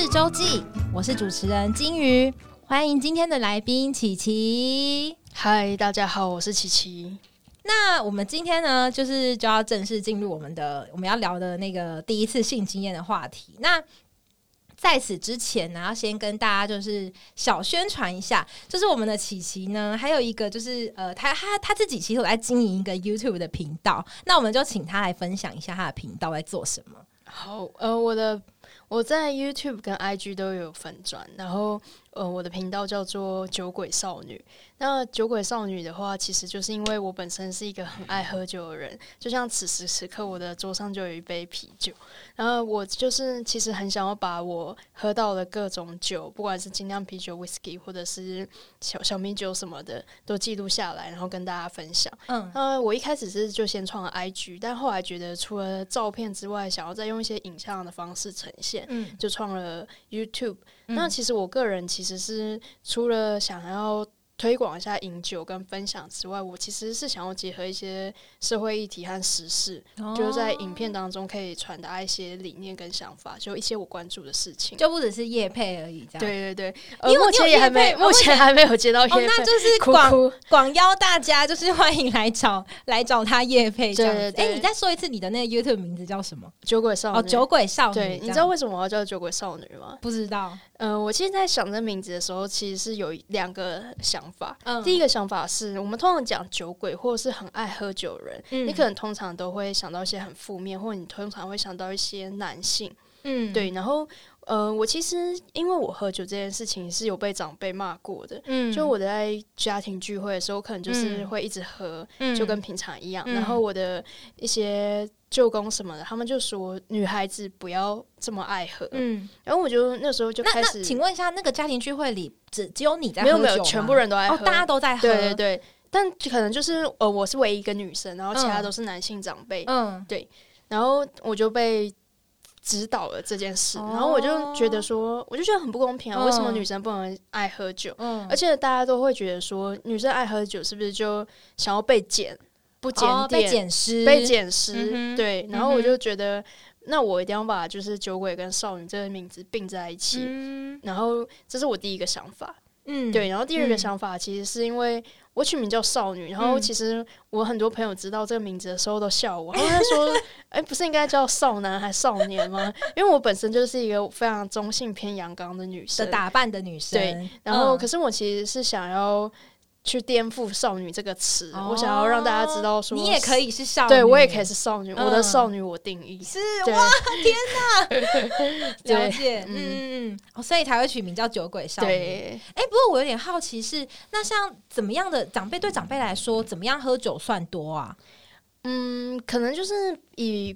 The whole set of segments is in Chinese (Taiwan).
是週記，我是主持人金魚，歡迎今天的來賓琪琪。嗨，大家好，我是琪琪。那我們今天呢，就是就要正式進入我們的我們要聊的那個第一次性經驗的話題。那在此之前呢，要先跟大家就是小宣傳一下，就是我們的琪琪呢，還有一個就是呃，他他他自己其實也在經營一個 YouTube 的頻道。那我們就請他來分享一下他的頻道在做什麼。好，呃，我的。我在 YouTube 跟 IG 都有粉專，然後。呃，我的頻道叫做“酒鬼少女”。那“酒鬼少女”的話，其實就是因為我本身是一個很愛喝酒的人，就像此時此刻，我的桌上就有一杯啤酒。然後我就是其實很想要把我喝到的各種酒，不管是精釀啤酒、whisky，或者是小小米酒什麼的，都記錄下來，然後跟大家分享。嗯，呃，我一開始是就先創了 IG，但後來覺得除了照片之外，想要再用一些影像的方式呈現，嗯，就創了 YouTube。嗯、那其實我個人其實是除了想要推廣一下飲酒跟分享之外，我其實是想要結合一些社會議題和時事，哦、就是在影片當中可以傳達一些理念跟想法，就一些我關注的事情，就不只是業配而已這樣。對對對，因、呃、為目前還沒有，目前還沒有接到業配、哦、那就是廣廣邀大家，就是歡迎來找來找他業配。對對對，哎、欸，你再說一次你的那個 YouTube 名字叫什麼？酒鬼少女。哦，酒鬼少女，對，這樣。你知道為什麼我要叫酒鬼少女嗎？不知道。嗯、呃，我其實在想這名字的時候，其實是有兩個想法。嗯、第一個想法是我們通常講酒鬼或者是很愛喝酒的人，嗯、你可能通常都會想到一些很負面，或者你通常會想到一些男性。嗯，對。然後，呃，我其實因為我喝酒這件事情是有被長輩罵過的。嗯，就我在家庭聚會的時候，可能就是會一直喝，嗯、就跟平常一樣。嗯、然後我的一些。舅公什麼的，他們就說，女孩子不要這麼愛喝，嗯。然後我就那時候就開始，請問一下，那個家庭聚會裡只只有你在喝酒嗎？沒有，沒有，全部人都愛喝，哦、大家都在喝，對對對。但可能就是呃，我是唯一一個女生，然後其他都是男性長輩，嗯，對。然後我就被指導了這件事，嗯、然後我就覺得說，我就覺得很不公平啊！嗯、為什麼女生不能愛喝酒？嗯，而且大家都會覺得說，女生愛喝酒是不是就想要被撿？不檢點、哦，被剪屍，被剪屍、嗯、哼對。然後我就覺得，嗯、哼那我一定要把就是酒鬼跟少女這個名字併在一起。嗯、然後這是我第一個想法，嗯，對。然後第二個想法其實是因為我取名叫少女，嗯、然後其實我很多朋友知道這個名字的時候都笑我，嗯、他們說，哎、欸，不是應該叫少男還少年嗎？ 因為我本身就是一個非常中性偏陽剛的女生，的打扮的女生。對，然後可是我其實是想要。去顛覆“少女”這個詞，我想要讓大家知道，說你也可以是少女，對我也可以是少女，我的少女我定義是。哇！天哪，了解，嗯，所以才會取名叫“酒鬼少女”。哎，不過我有點好奇是，那像怎麼樣的長輩對長輩來說，怎麼樣喝酒算多啊？嗯，可能就是以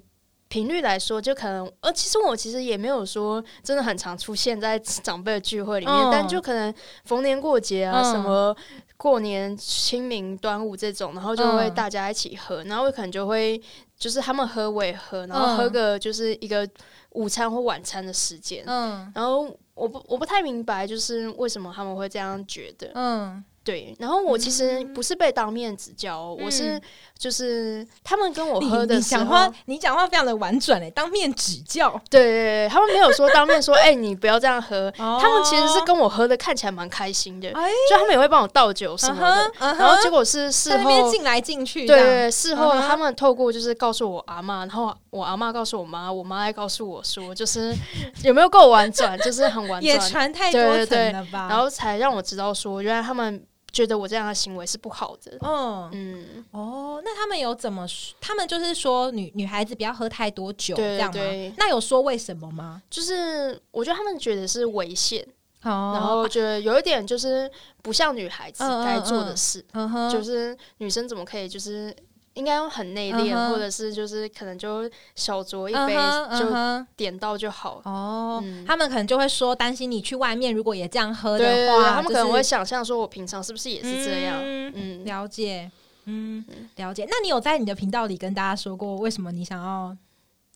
頻率來說，就可能呃，其實我其實也沒有說真的很常出現在長輩的聚會裡面，但就可能逢年過節啊，什麼。過年、清明、端午這種，然後就會大家一起喝，嗯，然後我可能就會就是他們喝，我也喝，然後喝個就是一個午餐或晚餐的時間。嗯，然後我不我不太明白，就是為什麼他們會這樣覺得。嗯。對，然後我其實不是被當面指教，嗯、我是就是他們跟我喝的時候，你，你講話你講話非常的婉轉嘞、欸，當面指教。對對對，他們沒有說當面說，哎、 欸，你不要這樣喝。Oh. 他們其實是跟我喝的，看起來蠻開心的，oh. 就他們也會幫我倒酒什麼的。Uh huh. uh huh. 然後結果是事後邊進來進去，對，事後他們透過就是告訴我阿嬤，然後我阿嬤告訴我媽，我媽還告訴我說，就是有沒有夠婉轉，就是很婉轉， 也傳太多了對對，然後才讓我知道說，原來他們。覺得我這樣的行為是不好的，哦、嗯嗯哦，那他們有怎麼說？他們就是說女女孩子不要喝太多酒，對這樣嗎？對那有說為什麼嗎？就是我覺得他們覺得是危險，哦、然後我覺得有一點就是不像女孩子該做的事，嗯嗯嗯就是女生怎麼可以就是。應該用很內斂，uh-huh, 或者是就是可能就小酌一杯就點到就好哦。他們可能就會說擔心你去外面如果也這樣喝的話，他們可能會想象說我平常是不是也是這樣？嗯，嗯，了解，嗯，了解。那你有在你的頻道裡跟大家說過為什麼你想要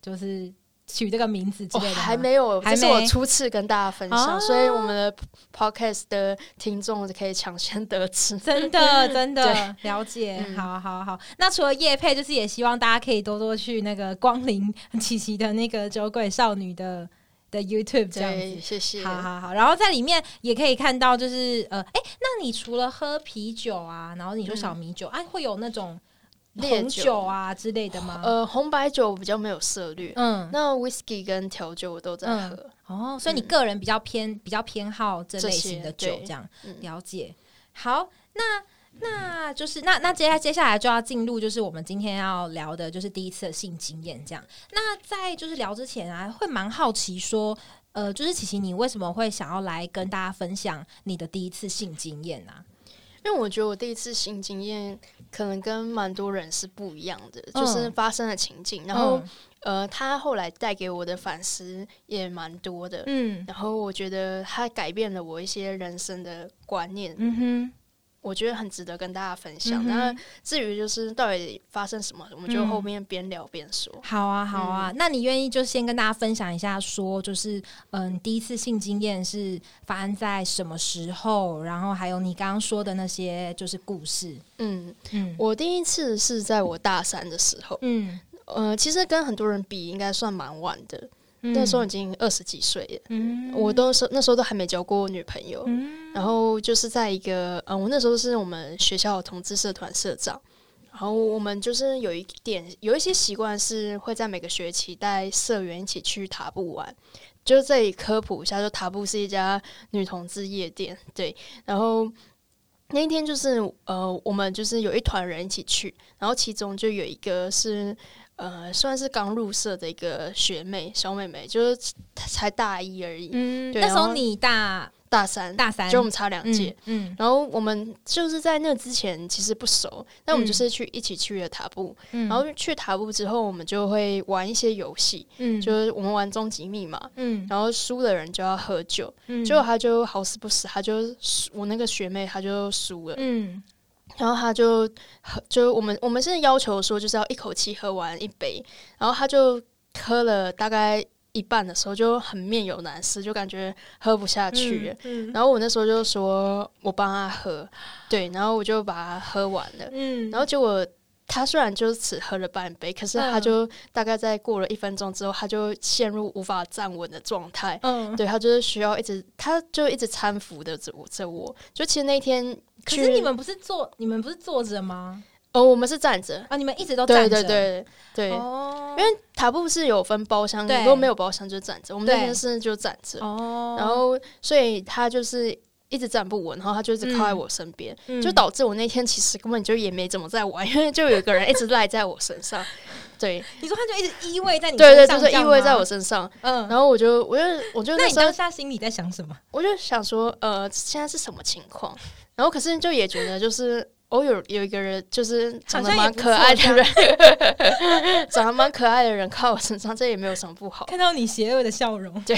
就是？取這個名字之類的，哦，還沒有，這是我初次跟大家分享，啊，所以我們的 podcast 的聽眾可以搶先得知，真的真的對了解。嗯，好好好，那除了業配，就是也希望大家可以多多去那個光臨奇奇的那個酒鬼少女的的 YouTube 這樣，謝謝，好好好。然後在裡面也可以看到，就是呃，哎、欸，那你除了喝啤酒啊，然後你說小米酒，嗯，啊，會有那種。紅酒啊之類的嗎？呃，紅白酒我比較沒有涉獵。嗯，那 whiskey 跟調酒我都在喝，嗯。哦，所以你個人比較偏、嗯、比較偏好這類型的酒，這樣這、嗯、了解。好，那那就是那那接下來接下來就要進入，就是我們今天要聊的，就是第一次性經驗這樣。那在就是聊之前啊，會蠻好奇說，呃，就是奇奇，你為什麼會想要來跟大家分享你的第一次性經驗啊？因為我覺得我第一次性經驗，可能跟蠻多人是不一樣的，嗯、就是發生的情境。然後，嗯、呃，他後來帶給我的反思也蠻多的，嗯、然後我覺得他改變了我一些人生的觀念，嗯哼。我覺得很值得跟大家分享。那、嗯、哼至於就是到底發生什麼，我們就後面邊聊邊說、嗯。好啊，好啊。嗯、那你願意就先跟大家分享一下說，說就是嗯，第一次性經驗是發生在什麼時候？然後還有你剛剛說的那些就是故事。嗯嗯，嗯，我第一次是在我大三的時候。嗯，呃，其實跟很多人比，應該算蠻晚的。那時候已經二十幾歲了，嗯、我都是那時候都還沒交過女朋友。嗯、然後就是在一個，嗯，我那時候是我們學校的同志社團社長。然後我們就是有一點有一些習慣是會在每個學期帶社員一起去塔布玩。就這裡科普一下，就塔布是一家女同志夜店。對，然後那一天就是呃，我們就是有一團人一起去，然後其中就有一個是。呃，算是剛入社的一個學妹，小妹妹，就是才大一而已。嗯，對，那時候你大大三，大三，就我們差兩屆、嗯。嗯，然後我們就是在那之前其實不熟，嗯、但我們就是去一起去了塔布。嗯，然後去塔布之後，我們就會玩一些遊戲。嗯，就是我們玩終極密碼。嗯，然後輸的人就要喝酒。嗯，結果他就好死不死，他就輸，我那個學妹，她就輸了。嗯。然後他就喝，就我們我們現在要求說就是要一口氣喝完一杯，然後他就喝了大概一半的時候，就很面有難色，就感覺喝不下去。嗯嗯，然後我那時候就說我幫他喝，對，然後我就把他喝完了，嗯，然後結果。他雖然就只喝了半杯，可是他就大概在過了一分鐘之後，嗯、他就陷入無法站穩的狀態。嗯，對，他就是需要一直，他就一直攙扶的着我。就其實那天，可是你們不是坐，你們不是坐着嗎？哦，我們是站着啊，你們一直都站着。對對對對，對哦、因為塔布是有分包廂，如果對沒有包廂就站着。我們那天是就站着，對然後所以他就是。一直站不穩，然後他就一直靠在我身邊，嗯、就導致我那天其實根本就也沒怎麼在玩，嗯、因為就有一個人一直賴在我身上。對，你說他就一直依偎在你身上，對，對對，就是依偎在我身上。嗯，然後我就我就我就，我就那，那你當下心裡在想什麼？我就想說，呃，現在是什麼情況？然後可是就也覺得，就是 哦，有有一個人，就是長得蠻可愛的人，長得蠻可愛的人靠我身上，這也沒有什麼不好。看到你邪惡的笑容，對，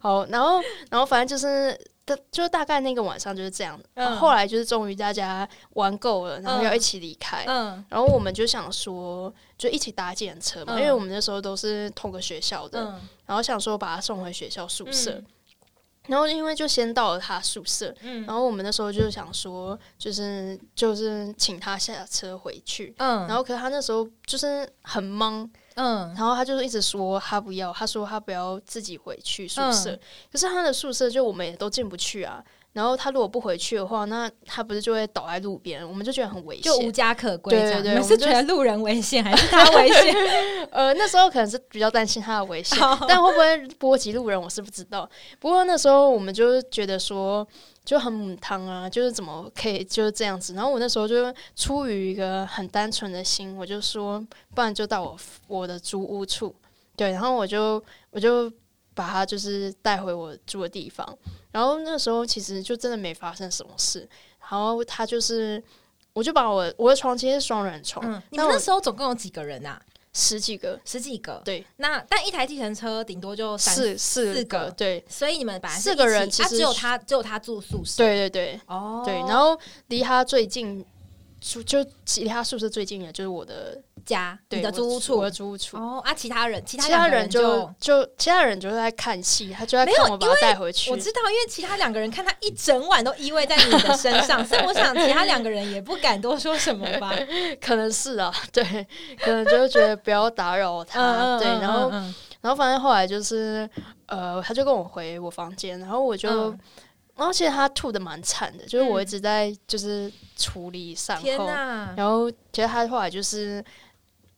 好，然後然後反正就是。就大概那個晚上就是這樣，嗯、後來就是終於大家玩夠了，然後要一起離開，嗯嗯、然後我們就想說就一起搭計程車嘛，嗯、因為我們那時候都是同個學校的，嗯、然後想說把他送回學校宿舍，嗯、然後因為就先到了他宿舍，嗯、然後我們那時候就想說就是就是請他下車回去，嗯、然後可是他那時候就是很茫。嗯，然後他就一直說他不要，他說他不要自己回去宿舍，嗯、可是他的宿舍就我們也都進不去啊。然後他如果不回去的話，那他不是就會倒在路邊？我們就覺得很危險，就無家可歸。對對對，我們就是覺得路人危險還是他危險？ 呃，那時候可能是比較擔心他的危險，好但會不會波及路人，我是不知道。不過那時候我們就覺得說。就很母湯啊，就是怎麼可以就是這樣子？然後我那時候就出於一個很單純的心，我就說，不然就到我我的租屋處。對，然後我就我就把它就是帶回我住的地方。然後那時候其實就真的沒發生什麼事。然後他就是，我就把我我的床其實是雙人床，嗯、我你們那時候總共有幾個人吶、啊？十幾個，十幾個，對。那但一台計程車頂多就三四四個，對。所以你們本來四個人其實，他、啊、只有他，只有他住宿舍，對對對。哦，對。然後離他最近。就其他宿舍最近的，就是我的家，假對你的租屋處，我的租屋處。哦啊，其他人，其他人就其他人就，就其他人就在看戲，他就在看有我把他帶回去。我知道，因為其他兩個人看他一整晚都依偎在你的身上，所以 我想其他兩個人也不敢多說什麼吧，可能是啊，對，可能就覺得不要打擾他， 嗯、對，然後嗯嗯然後反正後來就是呃，他就跟我回我房間，然後我就。嗯然後其實他吐的蠻慘的，嗯、就是我一直在就是處理善後，哪然後其實他後來就是。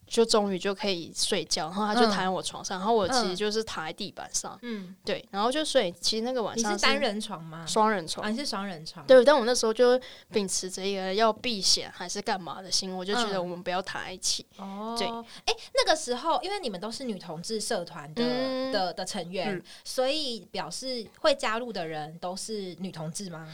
就終於就可以睡覺，然後他就躺在我床上，嗯、然後我其實就是躺在地板上，嗯，對，然後就睡。其實那個晚上是，你是單人床嗎？雙人床。啊，你是雙人床。對，但我那時候就秉持着一個要避嫌還是幹嘛的心，嗯、我就覺得我們不要躺在一起。哦，對，哎、欸，那個時候因為你們都是女同志社團的、嗯、的，的成員，嗯、所以表示會加入的人都是女同志嗎？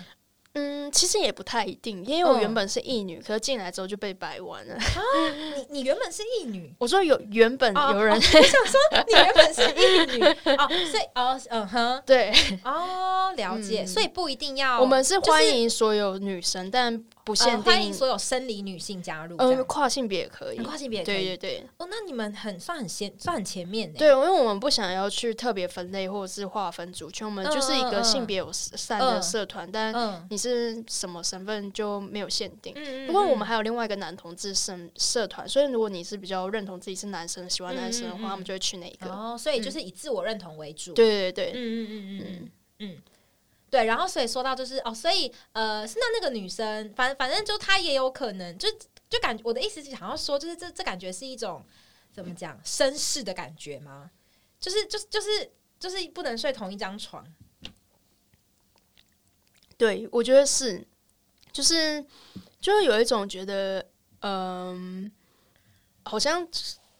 嗯，其實也不太一定，因為我原本是異女，嗯、可是進來之後就被掰彎了。啊，你你原本是異女？我說有原本有人、哦 哦、我想說你原本是異女 哦，所以哦嗯哼，對，哦了解，嗯、所以不一定要。我們是歡迎所有女生，就是、但。不限定、嗯，歡迎所有生理女性加入。嗯，跨性別也可以。嗯、跨性別對對對。哦，那你們很算很先算很前面的，對，因為我們不想要去特別分類或者是劃分族群，我們就是一個性別友善的社團。嗯嗯嗯、但你是什麼身份就沒有限定。不過、嗯嗯、我們還有另外一個男同志社社團，所以如果你是比較認同自己是男生、喜歡男生的話，我、嗯嗯、們就會去哪一個。哦，所以就是以自我認同為主。嗯、對對對，嗯嗯嗯嗯嗯。嗯對，然後所以說到就是哦，所以呃，是那那個女生，反反正就她也有可能，就就感我的意思是想要說，就是這這感覺是一種怎麼講紳士的感覺嗎？就是就是就是就是不能睡同一張床。對，我覺得是，就是就有一種覺得，嗯、呃，好像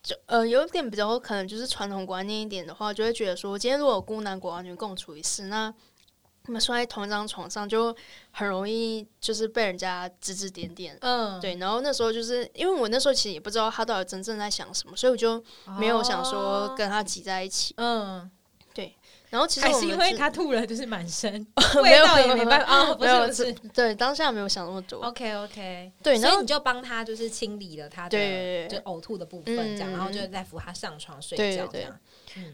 就呃有一點比較可能就是傳統觀念一點的話，就會覺得說，今天如果孤男寡女共處一室，那。那麼睡在同一張床上就很容易就是被人家指指點點，嗯，對。然後那時候就是因為我那時候其實也不知道他到底真正在想什麼，所以我就沒有想說跟他擠在一起，嗯，對。然後其實還是因為他吐了，就是滿身味道也沒辦法啊，不是不是，對，當下沒有想那麼多。OK OK，對，所以你就幫他就是清理了他對，就嘔吐的部分，這樣，然後就在扶他上床睡覺。這樣。對，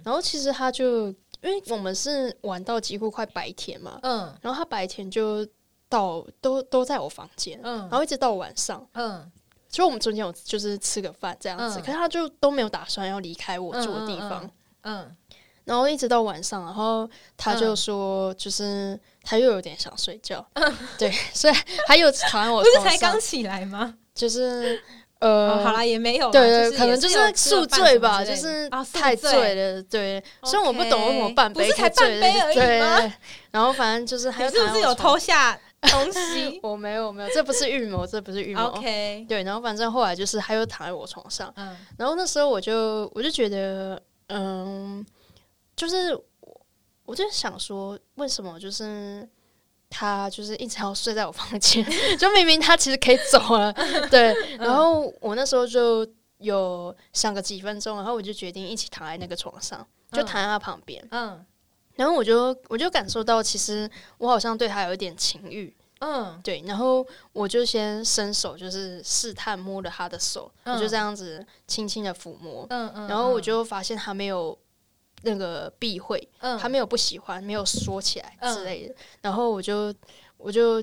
然後其實他就。因為我們是玩到幾乎快白天嘛，嗯，然後他白天就到都都在我房間，嗯，然後一直到晚上，嗯，就我們中間有就是吃個飯這樣子，可是他就都沒有打算要離開我住的地方，嗯，然後一直到晚上，然後他就說，就是他又有點想睡覺，嗯，對，所以他又躺我，不是才剛起來嗎？就是。呃，好啦，也沒有，對，可能就是宿醉吧，就是太醉了，對。雖然我不懂為什麼半杯，太醉了。對，然後反正就是，有，你是不是有偷下東西？我沒有，沒有，這不是預謀，這不是預謀。OK。對，然後反正後來就是，他又躺在我床上，嗯。然後那時候我就我就覺得，嗯，就是我我就想說，為什麼就是。他就是一直要睡在我房間， 就明明他其實可以走了， 對。然後我那時候就有想個幾分鐘，然後我就決定一起躺在那個床上，就躺在他旁邊，嗯，嗯。然後我就我就感受到，其實我好像對他有一點情欲，嗯。對，然後我就先伸手，就是試探摸了他的手，嗯，我就這樣子輕輕的撫摸，嗯嗯。嗯，然後我就發現他沒有。那個避諱，他沒有不喜歡，沒有說起來之類的。然後我就，我就，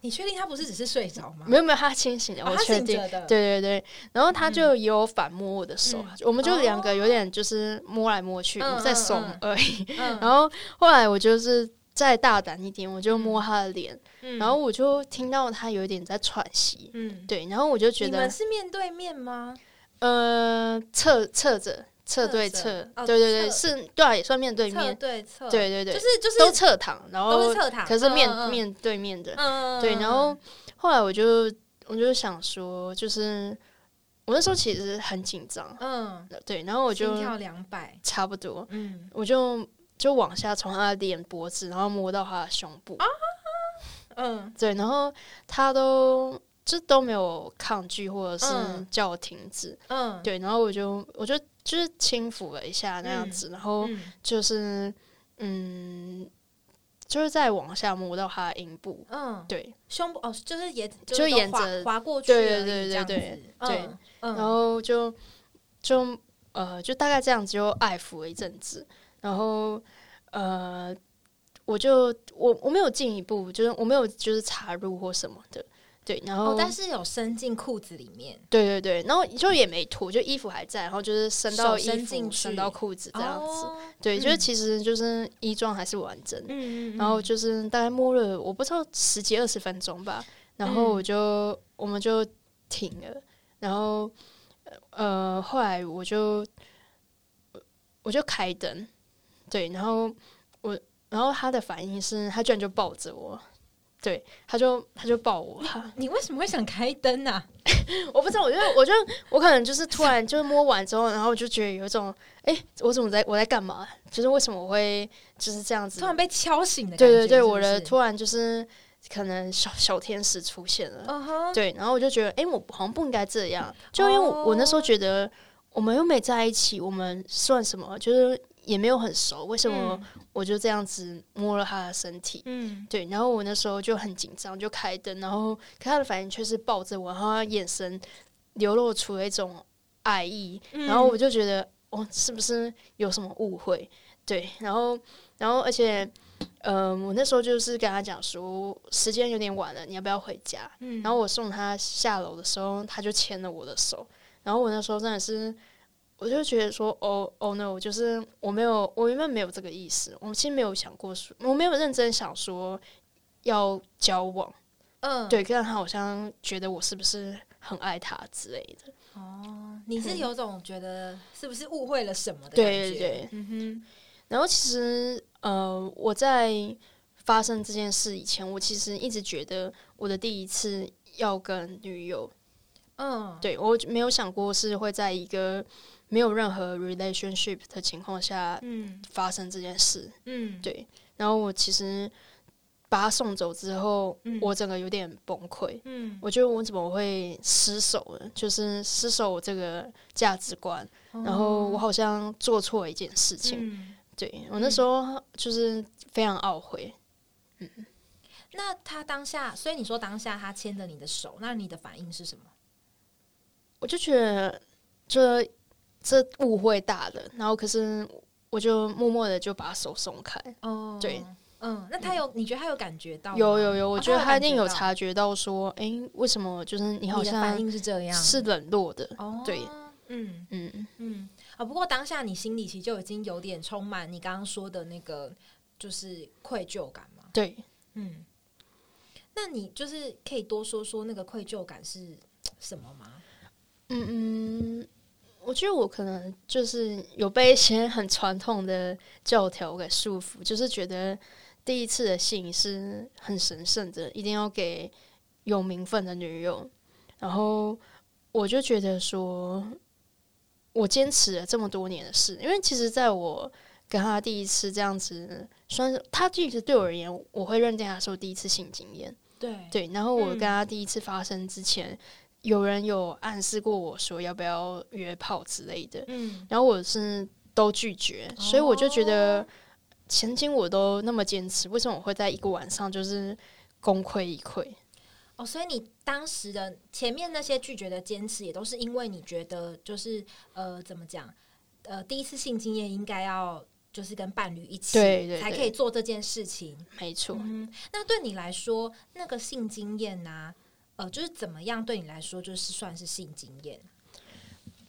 你確定他不是只是睡着嗎？沒有沒有，他清醒的，我確定。對對對，然後他就有反摸我的手，我們就兩個有點就是摸來摸去，我們在慫而已。然後後來我就是再大膽一點，我就摸他的臉，然後我就聽到他有點在喘息。嗯，對。然後我就覺得，你們是面對面嗎？呃，側側着。側對側，對對對，是對啊，也算面對面。對對對，就是就是都側躺，然後都是側躺，可是面面對面的。對，然後後來我就我就想說，就是我那時候其實很緊張。嗯，對，然後我就心跳兩百，差不多。嗯，我就就往下從他的臉、脖子，然後摸到他的胸部。啊，嗯，對，然後他都就都沒有抗拒，或者是叫我停止。嗯，對，然後我就我就。就是輕撫了一下那樣子，嗯、然後就是嗯，嗯，就是再往下摸到他的陰部，嗯，對，胸部哦，就是也、就是、就沿着滑過去，對對對對對，然後就就呃，就大概這樣子就愛撫了一陣子，然後呃，我就我我沒有進一步，就是我沒有就是插入或什麼的。對，然後、哦、但是有伸進褲子裡面。對對對，然後就也沒脫，就衣服還在，然後就是伸到衣服伸，伸到褲子這樣子。哦、對，嗯、就是其實就是衣裝還是完整。嗯嗯嗯，然後就是大概摸了我不知道十幾二十分鐘吧，然後我就、嗯、我們就停了，然後呃後來我就我就開燈，對，然後我然後他的反應是他居然就抱着我。對，他就他就抱我。你你為什麼會想開燈呢？啊？ 我不知道，我就我就我可能就是突然就摸完之後， 然後我就覺得有一種，哎、欸，我怎麼在，我在幹嘛？就是為什麼我會就是這樣子？突然被敲醒的感覺，對對對，是不是？我的突然就是可能小小天使出現了，uh huh. 對，然後我就覺得，哎、欸，我好像不應該這樣，就因為我,、oh. 我那時候覺得我們又沒在一起，我們算什麼？就是。也沒有很熟，為什麼我就這樣子摸了他的身體？嗯，對。然後我那時候就很緊張，就開燈，然後可他的反應卻是抱着我，然後他眼神流露出了一種愛意，嗯、然後我就覺得，哦，是不是有什麼誤會？對，然後，然後，而且，嗯、呃，我那時候就是跟他講說，時間有點晚了，你要不要回家？嗯，然後我送他下樓的時候，他就牽了我的手，然後我那時候真的是。我就覺得說，哦哦，那我就是我沒有，我原本沒有這個意思，我其實沒有想過說，我沒有認真想說要交往，嗯，對，跟他好像覺得我是不是很愛他之類的。哦，你是有種覺得是不是誤會了什麼的感覺？嗯，對對對，嗯哼。然後其實，呃，我在發生這件事以前，我其實一直覺得我的第一次要跟女友，嗯，對，我沒有想過是會在一個。沒有任何 relationship 的情況下，嗯，發生這件事，嗯，對。然後我其實把他送走之後，嗯、我整個有點崩潰，嗯，我覺得我怎麼會失守呢？就是失守這個價值觀，哦、然後我好像做錯了一件事情，嗯、對我那時候就是非常懊悔，嗯。嗯，那他當下，所以你說當下他牽着你的手，那你的反應是什麼？我就覺得這。這誤會大了，然後可是我就默默的就把手鬆開。哦，對，嗯，嗯那他有？你覺得他有感覺到？有有有，我覺得他一定有察覺到，說，哎、欸，為什麼就是你好像反應是這樣，是冷落的？哦，對，嗯嗯嗯。啊、嗯嗯哦，不過當下你心裡其實就已經有點充滿你剛剛說的那個，就是愧疚感嘛。對，嗯。那你就是可以多說說那個愧疚感是什麼嗎？嗯嗯。嗯我覺得我可能就是有被一些很傳統的教條給束縛，就是覺得第一次的性是很神聖的，一定要給有名分的女友。然後我就覺得說，我堅持了這麼多年的事，因為其實在我跟他第一次這樣子，算是他其實對我而言，我會認定他是我第一次性經驗。對對，然後我跟他第一次發生之前。嗯有人有暗示過我說要不要約炮之類的，嗯，然後我是都拒絕，哦、所以我就覺得，曾經我都那麼堅持，為什麼我會在一個晚上就是功虧一簣？哦，所以你當時的前面那些拒絕的堅持，也都是因為你覺得就是呃，怎麼講？呃，第一次性經驗應該要就是跟伴侶一起，對對對，才可以做這件事情，沒錯錯、嗯。那對你來說，那個性經驗呢、啊？呃，就是怎麼樣對你來說就是算是性經驗？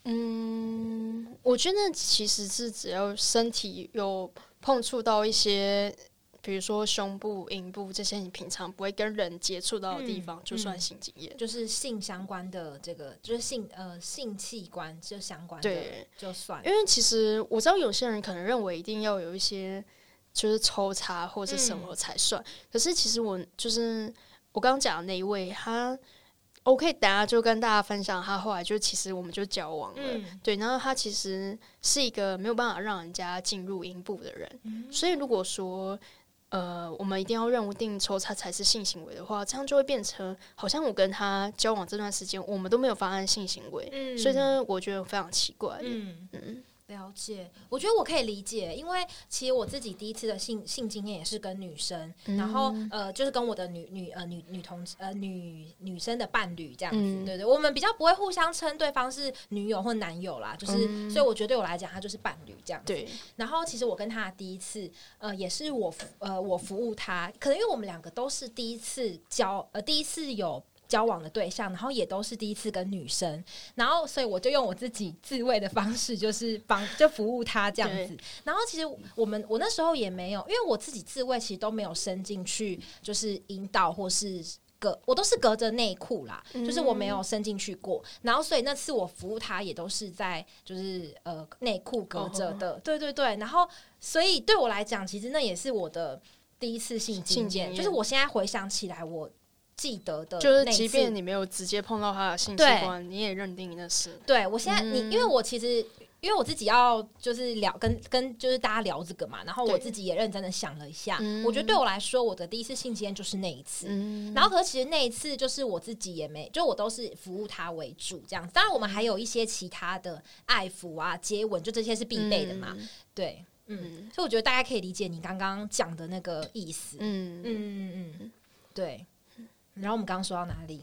嗯，我覺得其實是只要身體有碰觸到一些，比如說胸部、陰部這些你平常不會跟人接觸到的地方，嗯、就算性經驗，就是性相關的這個，就是性呃性器官就相關的，對，就算。因為其實我知道有些人可能認為一定要有一些就是抽插或者什麼才算，嗯、可是其實我就是。我剛剛講的那一位，他 OK，等下就跟大家分享他。他後來就其實我們就交往了，嗯、對。然後他其實是一個沒有辦法讓人家進入陰部的人，嗯、所以如果說呃，我們一定要認為定抽他才是性行為的話，這樣就會變成好像我跟他交往這段時間，我們都沒有發生性行為，嗯、所以呢，我覺得非常奇怪。嗯嗯。嗯了解，我覺得我可以理解，因為其實我自己第一次的性性經驗也是跟女生，嗯、然後呃，就是跟我的女女呃女女同呃女女生的伴侶這樣子，嗯、對、對對，我們比較不會互相稱對方是女友或男友啦，就是、嗯、所以我覺得對我來講，他就是伴侶這樣子。對，然後其實我跟他第一次呃也是我服呃我服務他，可能因為我們兩個都是第一次交呃第一次有。交往的對象，然後也都是第一次跟女生，然後所以我就用我自己自慰的方式，就是幫就服務他這樣子。對然後其實我們我那時候也沒有，因為我自己自慰其實都沒有伸進去，就是陰道或是隔，我都是隔着內褲啦，嗯、就是我沒有伸進去過。然後所以那次我服務他也都是在就是呃內褲隔着的，哦、對對對。然後所以對我來講，其實那也是我的第一次性經驗，是情就是我現在回想起來我。記得的那，就是即便你沒有直接碰到他的性器官？對你也認定你那是？對，我現在、嗯、你，因為我其實，因為我自己要就是聊跟跟就是大家聊這個嘛，然後我自己也認真的想了一下，對我覺得對我來說，我的第一次性經驗就是那一次。嗯、然後和其實那一次就是我自己也沒，就我都是服務他為主這樣子。當然，我們還有一些其他的愛撫啊、接吻，就這些是必備的嘛。嗯、對，嗯，嗯所以我覺得大家可以理解你剛剛講的那個意思。嗯嗯嗯，對。然後我們剛剛說到哪裡？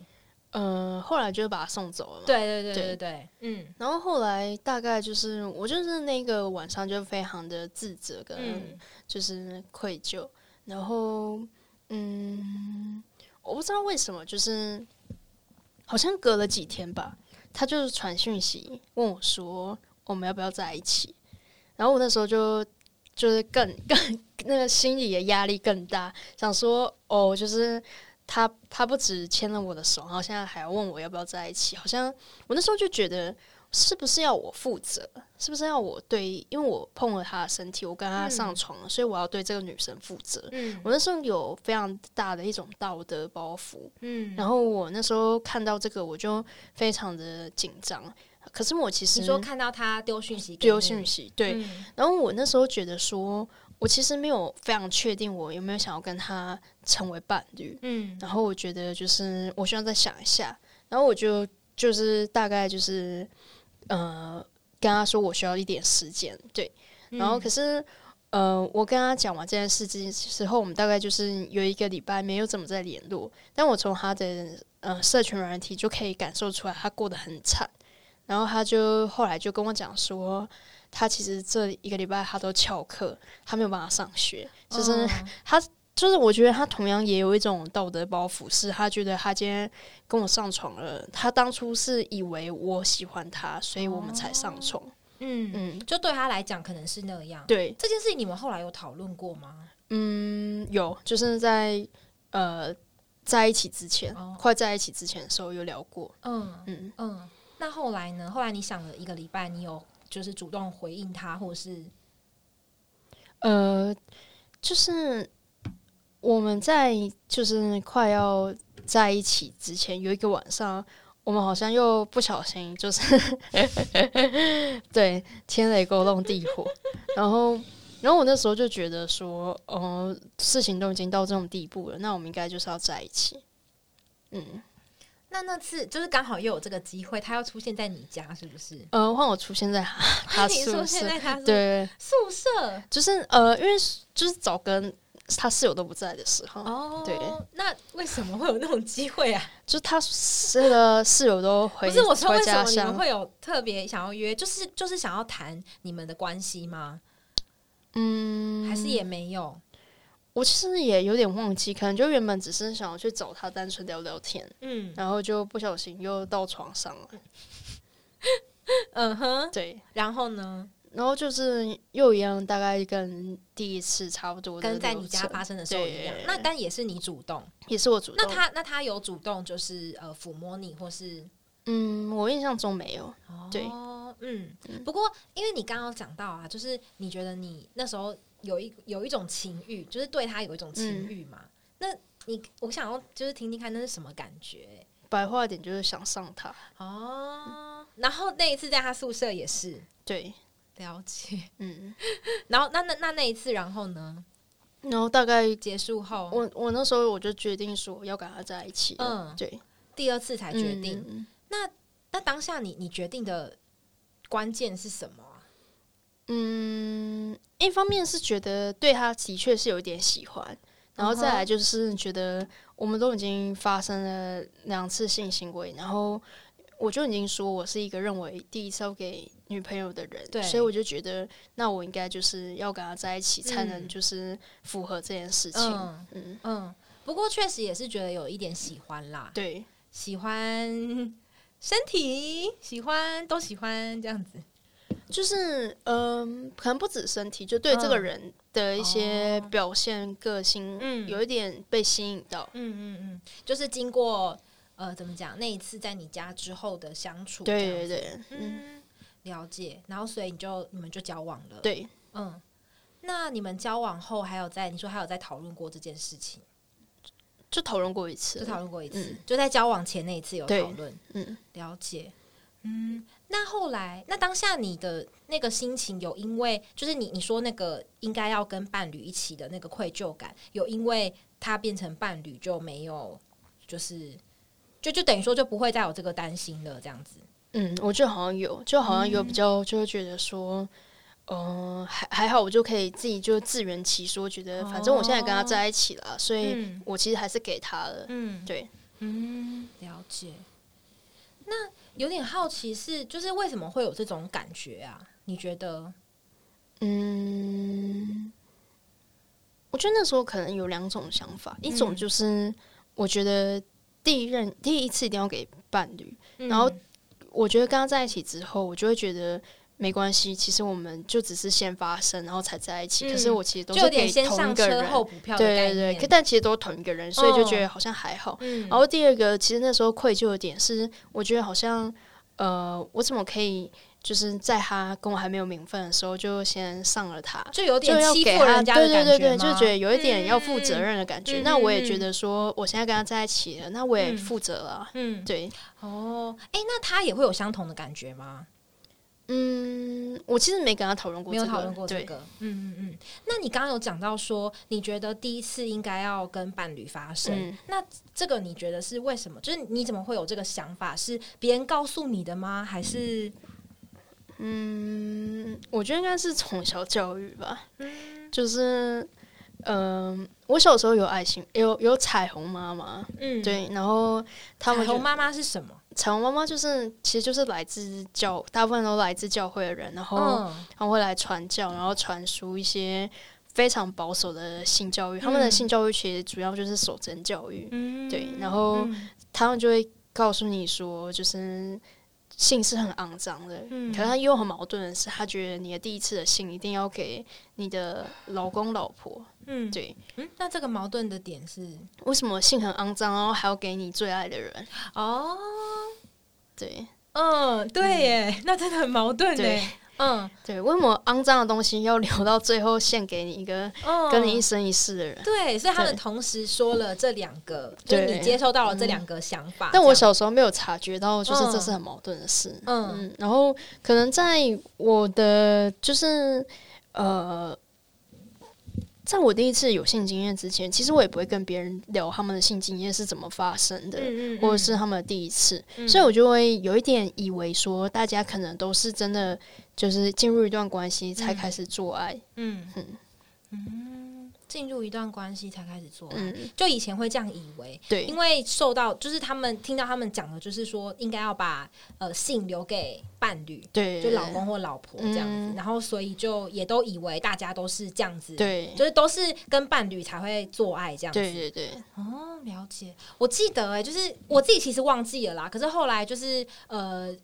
呃，後來就是把他送走了嘛。對對對對對。對嗯，然後後來大概就是我就是那個晚上就非常的自責跟就是愧疚，嗯、然後嗯，我不知道為什麼，就是好像隔了幾天吧，他就是傳訊息問我說我們要不要在一起？然後我那時候就就是更更那個心理的壓力更大，想說哦，就是。他他不止牽了我的手，好像還要問我要不要在一起。好像我那時候就覺得，是不是要我負責？是不是要我對？因為我碰了他的身體，我跟他上床了，嗯、所以我要對這個女生負責。嗯，我那時候有非常大的一種道德包袱。嗯，然後我那時候看到這個，我就非常的緊張。可是我其實你說看到他丟訊息，丟訊息，對。嗯、然後我那時候覺得，說我其實沒有非常確定，我有沒有想要跟他。成為伴侶，嗯，然後我覺得就是我希望再想一下，然後我就就是大概就是呃，跟他說我需要一點時間，對，嗯、然後可是呃，我跟他講完這件事之後，我們大概就是有一個禮拜沒有怎麼再聯絡，但我從他的呃社群軟體就可以感受出來他過得很慘，然後他就後來就跟我講說，他其實這一個禮拜他都翹課，他沒有辦法上學，哦、就是他。就是我覺得他同樣也有一種道德包袱，是他覺得他今天跟我上床了，他當初是以為我喜歡他，所以我們才上床。嗯、哦、嗯，嗯就對他來講可能是那樣。對。這件事情，你們後來有討論過嗎？嗯，有，就是在呃在一起之前，快、哦、在一起之前的時候有聊過。嗯嗯嗯，那後來呢？後來你想了一個禮拜，你有就是主動回應他，或是呃，就是。我們在就是快要在一起之前，有一個晚上，我們好像又不小心，就是 對，天雷勾動地火， 然後，然後我那時候就覺得說，嗯、呃，事情都已經到這種地步了，那我們應該就是要在一起。嗯，那那次就是剛好又有這個機會，他要出現在你家，是不是？呃，換我出現在他他宿舍， 對宿舍，就是呃，因為就是早跟。他室友都不在的時候，oh, 對，那為什麼會有那種機會啊？就是他個室友都回 不是我說為什麼你們會有特別想要約？就是就是想要談你們的關係嗎？嗯，還是也沒有，我其實也有點忘記，可能就原本只是想要去找他，單純聊聊天，嗯，然後就不小心又到床上了。嗯哼、 uh-huh, 對，然後呢？然後就是又一樣，大概跟第一次差不多的，跟在你家發生的時候一樣。對那但也是你主動，也是我主動。那他那他有主動就是呃撫摸你，或是嗯，我印象中沒有。哦、對，嗯。嗯不過因為你剛剛講到啊，就是你覺得你那時候有一有一種情欲，就是對他有一種情欲嘛？嗯、那你我想要就是聽聽看那是什麼感覺？白話一點就是想上他哦。嗯、然後那一次在他宿舍也是對。了解，嗯， 然後那那那那一次，然後呢？然後大概結束後，我我那時候我就決定說要跟他在一起，嗯，對，第二次才決定。嗯、那那當下你你決定的關鍵是什麼？嗯，一方面是覺得對他的確是有一點喜歡，嗯、哼然後再來就是覺得我們都已經發生了兩次性行為，然後。我就已經說，我是一個認為第一次要給女朋友的人，對所以我就覺得那我應該就是要跟她在一起，才能就是符合這件事情。嗯嗯，嗯嗯，不過確實也是覺得有一點喜歡啦。對，喜歡身體，喜歡都喜歡這樣子。就是嗯，可能不止身體，就對這個人的一些表現、個性，嗯，有一點被吸引到。嗯嗯嗯，就是經過。呃，怎麼講？那一次在你家之後的相處，對對對，嗯，了解。然後，所以你就你們就交往了，對，嗯。那你們交往後，還有在你說還有在討論過這件事情，就討論過一次，就討論過一次，嗯、就在交往前那一次有討論，嗯，了解，嗯。那後來，那當下你的那個心情，有因為就是你你說那個應該要跟伴侶一起的那個愧疚感，有因為他變成伴侶就沒有，就是。就就等於說就不會再有這個擔心了，這樣子。嗯，我就好像有，就好像有比較，就會覺得說，嗯，呃、還還好，我就可以自己就自圓其說，覺得反正我現在跟他在一起了，哦、所以我其實還是給他了。嗯，對，嗯，了解。那有點好奇是，就是為什麼會有這種感覺啊？你覺得？嗯，我覺得那時候可能有兩種想法，嗯、一種就是我覺得。第一任第一次一定要給伴侶，嗯、然後我覺得剛剛在一起之後，我就會覺得沒關係。其實我們就只是先發生，然後才在一起。嗯、可是我其實都是給同一個人，就有點先上車後補票的概念。對對對，但其實都是同一個人，所以就覺得好像還好。哦、嗯、然後第二個，其實那時候愧疚的點是，我覺得好像呃，我怎麼可以？就是在他跟我還沒有名分的時候，就先上了他，就有點欺負人家對對對，就覺得有一點要負責任的感覺。嗯、那我也覺得說，我現在跟他在一起了，嗯、那我也負責了。嗯，對，哦，哎、欸，那他也會有相同的感覺嗎？嗯，我其實沒跟他討論過，沒有討論過這個。這個、對嗯嗯嗯。那你剛剛有講到說，你覺得第一次應該要跟伴侶發生。嗯、那這個你覺得是為什麼？就是你怎麼會有這個想法？是別人告訴你的嗎？還是、嗯？嗯，我覺得應該是從小教育吧。嗯、就是，嗯、呃，我小時候有愛心，有有彩虹媽媽。嗯，對，然後他們彩虹媽媽是什麼？彩虹媽媽就是，其實就是來自教，大部分都來自教會的人，然後他們會來傳教，然後傳輸一些非常保守的性教育。嗯、他們的性教育其實主要就是守貞教育。嗯，對，然後他們就會告訴你說，就是。性是很骯髒的，嗯，可是他又很矛盾的是，他覺得你的第一次的性一定要給你的老公老婆。嗯，對。嗯，那這個矛盾的點是，為什麼性很骯髒哦？還要給你最愛的人？哦，對，嗯，對，耶，那真的很矛盾耶。嗯，對，為什麼骯髒的東西要留到最後獻給你一個跟你一生一世的人？哦、對，所以他們同時說了這兩個，對就你接受到了這兩個想法。嗯、樣但我小時候沒有察覺到，就是這是很矛盾的事。嗯,嗯,嗯，然後可能在我的就是呃。在我第一次有性經驗之前，其實我也不會跟別人聊他們的性經驗是怎麼發生的，嗯嗯、或者是他們的第一次，嗯、所以我就會有一點以為說，大家可能都是真的就是進入一段關係才開始做愛。嗯嗯嗯。嗯嗯嗯進入一段關係才開始做愛、嗯、就以前會這樣以為，對，因為受到就是他們聽到他們講的，就是說應該要把呃性留給伴侶，對，就老公或老婆這樣子，嗯、然後所以就也都以為大家都是這樣子，對，就是都是跟伴侶才會做愛這樣子，對對對。哦，了解。我記得哎，就是我自己其實忘記了啦，可是後來就是呃。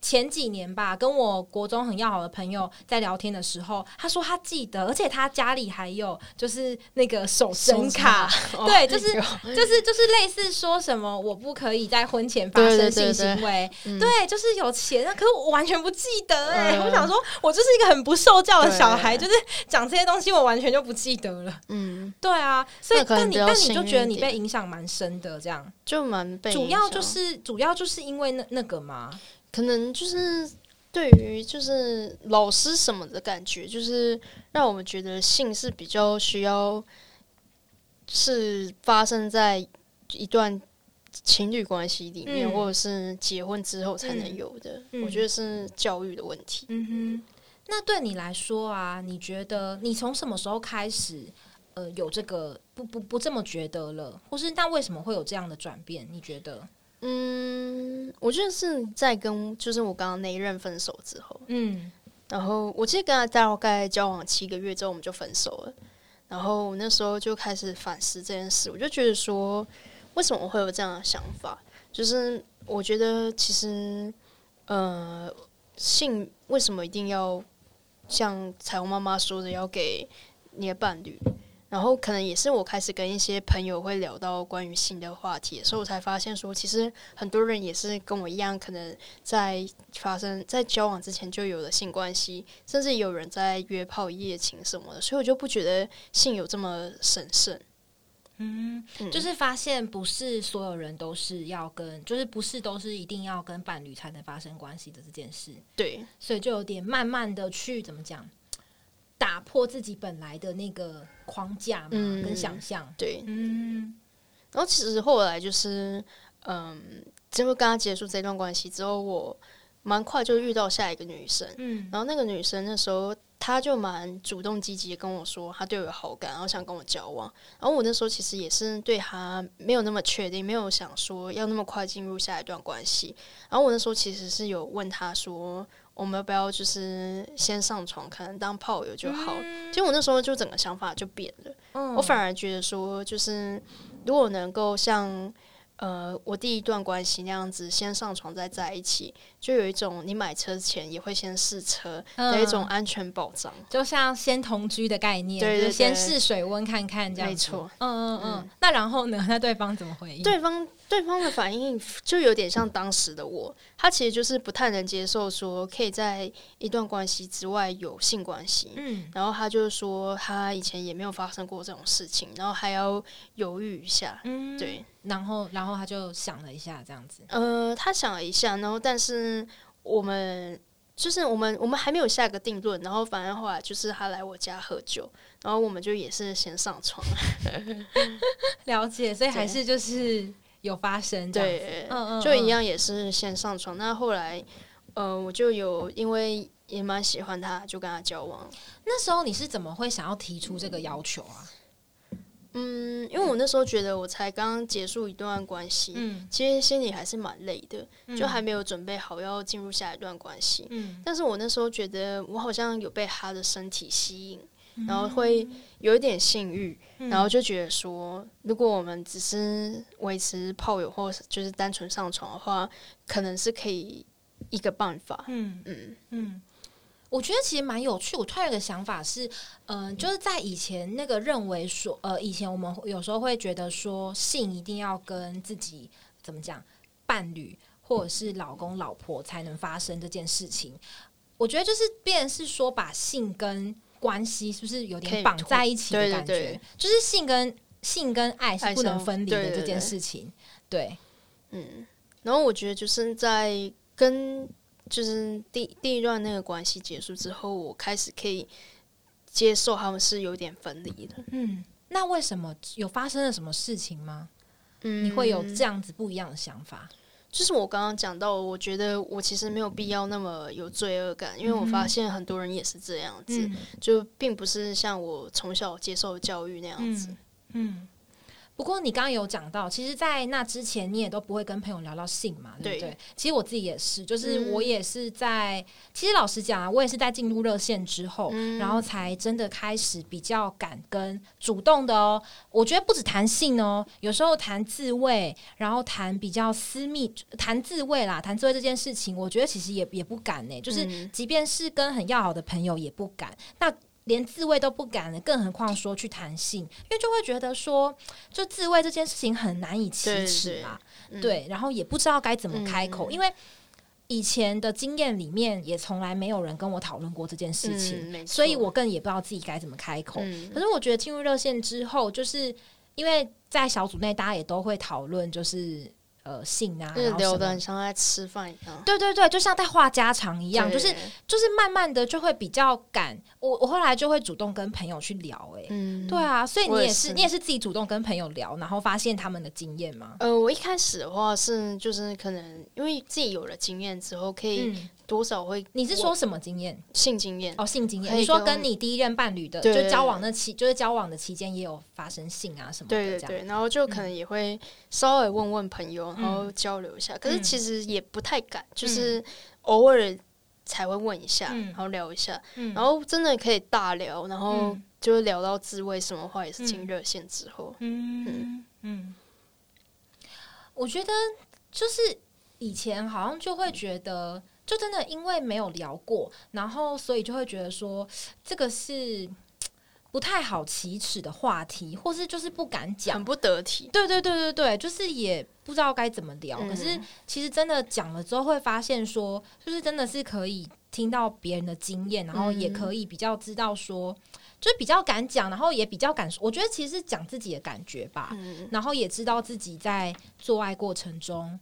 前幾年吧，跟我國中很要好的朋友在聊天的時候，他說他記得，而且他家裡還有就是那個守貞卡，哦、對，就是有就是就是類似說什麼我不可以在婚前發生性行為，對，對，對，對，嗯、對，就是有寫啊。可是我完全不記得哎、欸，我、嗯、想說，我就是一個很不受教的小孩，對就是講這些東西我完全就不記得了，嗯，對啊，所以，所以但你但你就覺得你被影響蠻深的，這樣就蠻被影響，主要就是主要就是因為那那個嗎？可能就是對於就是老師什麼的感覺，就是讓我們覺得性是比較需要是發生在一段情侶關係裡面，嗯、或者是結婚之後才能有的。嗯、我覺得是教育的問題。嗯哼，那對你來說啊，你覺得你從什麼時候開始呃有這個不不不這麼覺得了，或是那為什麼會有這樣的轉變？你覺得？嗯，我覺得是在跟就是我剛剛那一任分手之後，嗯，然後我記得跟他大概交往七個月之後我們就分手了，然後我那時候就開始反思這件事，我就覺得說，為什麼我會有這樣的想法？就是我覺得其實，呃，性為什麼一定要像彩虹媽媽說的要給你的伴侶？然後可能也是我開始跟一些朋友會聊到關於性的話題，所以我才發現說，其實很多人也是跟我一樣，可能在發生在交往之前就有了性關係，甚至有人在約炮、一夜情什麼的，所以我就不覺得性有這麼神聖。嗯，就是發現不是所有人都是要跟，就是不是都是一定要跟伴侶才能發生關係的這件事。對，所以就有點慢慢的去怎麼講。打破自己本來的那個框架嘛，跟、嗯、想象對，嗯。然後其實後來就是，嗯，經過跟他結束這段關係之後，我蠻快就遇到下一個女生，嗯。然後那個女生那時候，她就蠻主動積極的跟我說，她對我有好感，然後想跟我交往。然後我那時候其實也是對她沒有那麼確定，沒有想說要那麼快進入下一段關係。然後我那時候其實是有問她說。我們要不要就是先上床，可能當炮友就好？嗯、其實我那時候就整個想法就變了，嗯、我反而覺得說，就是如果能夠像呃我第一段關係那樣子，先上床再在一起，就有一種你買車前也會先試車的、嗯、一種安全保障，就像先同居的概念，對對對，先試水溫看看這樣，沒錯。嗯嗯嗯。嗯，那然後呢？那對方怎麼回應？對方。對方的反應就有點像當時的我，他其實就是不太能接受說可以在一段關係之外有性關係，嗯，然後他就說他以前也沒有發生過這種事情，然後還要猶豫一下，嗯，對，然後然後他就想了一下，這樣子，呃，他想了一下，然後但是我們就是我們我們還沒有下個定論，然後反正後來就是他來我家喝酒，然後我們就也是先上床， 了解，所以還是就是。有發生對，嗯，就一樣也是先上床，嗯嗯嗯，那後來，呃，我就有因為也蠻喜歡他，就跟他交往。那時候你是怎麼會想要提出這個要求啊？嗯，因為我那時候覺得我才剛結束一段關係，嗯、其實心裡還是蠻累的，就還沒有準備好要進入下一段關係，嗯、但是我那時候覺得我好像有被他的身體吸引，嗯、然後會。有一點性慾，然後就覺得說，嗯、如果我們只是維持炮友或就是單純上床的話，可能是可以一個辦法。嗯嗯嗯，嗯嗯我覺得其實蠻有趣。我突然有個想法是，嗯、呃，就是在以前那個認為說，呃，以前我們有時候會覺得說，性一定要跟自己怎麼講伴侶或者是老公老婆才能發生這件事情。我覺得就是變成是說把性跟關係是不是有點綁在一起的感覺？對對對，就是性跟性跟愛是不能分離的這件事情。對，對，對，對，嗯。然後我覺得就是在跟就是第第一段那個關係結束之後，我開始可以接受他們是有點分離的。嗯，那為什麼有發生了什麼事情嗎？嗯，你會有這樣子不一樣的想法？就是我剛剛講到，我覺得我其實沒有必要那麼有罪惡感，因為我發現很多人也是這樣子，嗯、就並不是像我從小接受教育那樣子，嗯。嗯不過你剛剛有講到，其實，在那之前，你也都不會跟朋友聊到性嘛，對不對？對，其實我自己也是，就是我也是在，嗯、其實老實講，啊，我也是在進入熱線之後，嗯、然後才真的開始比較敢跟主動的哦。我覺得不止談性哦，有時候談自慰，然後談比較私密，談自慰啦，談自慰這件事情，我覺得其實也也不敢呢、欸。就是即便是跟很要好的朋友，也不敢。嗯、那連自慰都不敢了，更何況說去談性，因為就會覺得說，就自慰這件事情很難以啟齒嘛，對，對嗯、然後也不知道該怎麼開口，嗯、因為以前的經驗裡面也從來沒有人跟我討論過這件事情，嗯、所以我更也不知道自己該怎麼開口。嗯、可是我覺得進入熱線之後，就是因為在小組內大家也都會討論，就是。.呃，性啊，然後什麼就是留得很像在吃飯一樣，對對對，就像在話家常一樣，對就是就是慢慢的就會比較敢，我我後來就會主動跟朋友去聊、欸，哎，嗯，對啊，所以你也是，也是你也是自己主動跟朋友聊，然後發現他們的經驗嗎？呃，我一開始的話是就是可能因為自己有了經驗之後可以、嗯。多少會？你是說什麼經驗？性經驗哦，性經驗。你說跟你第一任伴侶的，就交往的期，就是交往的期間也有發生性啊什麼的這樣。對，對，然後就可能也會稍微問問朋友，然後交流一下。可是其實也不太敢，就是偶爾才會問一下，然後聊一下。然後真的可以大聊，然後就是聊到自慰什麼話也是經熱線之後。嗯嗯嗯，我覺得就是以前好像就會覺得。就真的因為沒有聊過，然後所以就會覺得說這個是不太好啟齒的話題，或是就是不敢講，很不得體。對對對對對，就是也不知道該怎麼聊。嗯、可是其實真的講了之後，會發現說，就是真的是可以聽到別人的經驗，然後也可以比較知道說，嗯、就是比較敢講，然後也比較敢說。我覺得其實講自己的感覺吧，嗯、然後也知道自己在做愛過程中。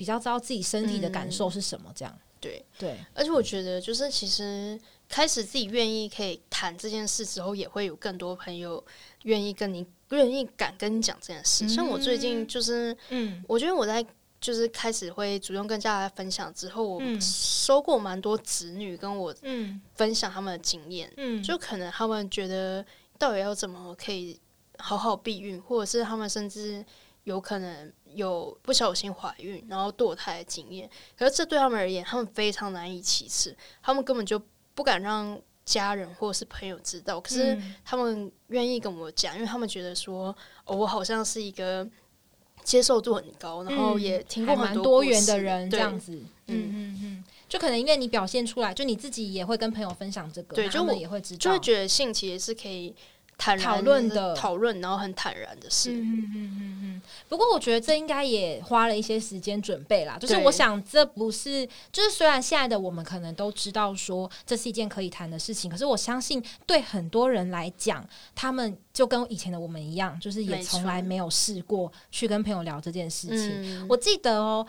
比較知道自己身體的感受是什麼，這樣對、嗯、對。對，而且我覺得，就是其實開始自己願意可以談這件事之後，也會有更多朋友願意跟你，願意敢跟你講這件事。像我最近就是，嗯，我覺得我在就是開始會主動跟大家分享之後，我收過蠻多子女跟我，嗯，分享他們的經驗，嗯，就可能他們覺得到底要怎麼可以好好避孕，或者是他們甚至有可能，有不小心懷孕然後墮胎的經驗，可是這對他們而言，他們非常難以啟齒，他們根本就不敢讓家人或是朋友知道。可是他們願意跟我講，因為他們覺得說，哦，我好像是一個接受度很高，然後也聽過蠻多多元的人這樣子。嗯嗯嗯，就可能因為你表現出來，就你自己也會跟朋友分享這個，就我對也會知道就，就會覺得性其實是可以。討論的討論，然後很坦然的事。嗯哼嗯哼嗯嗯，不過我覺得這應該也花了一些時間準備啦。就是我想，這不是對就是雖然現在的我們可能都知道說這是一件可以談的事情，可是我相信對很多人來講，他們就跟以前的我們一樣，就是也從來沒有試過去跟朋友聊這件事情。我記得哦，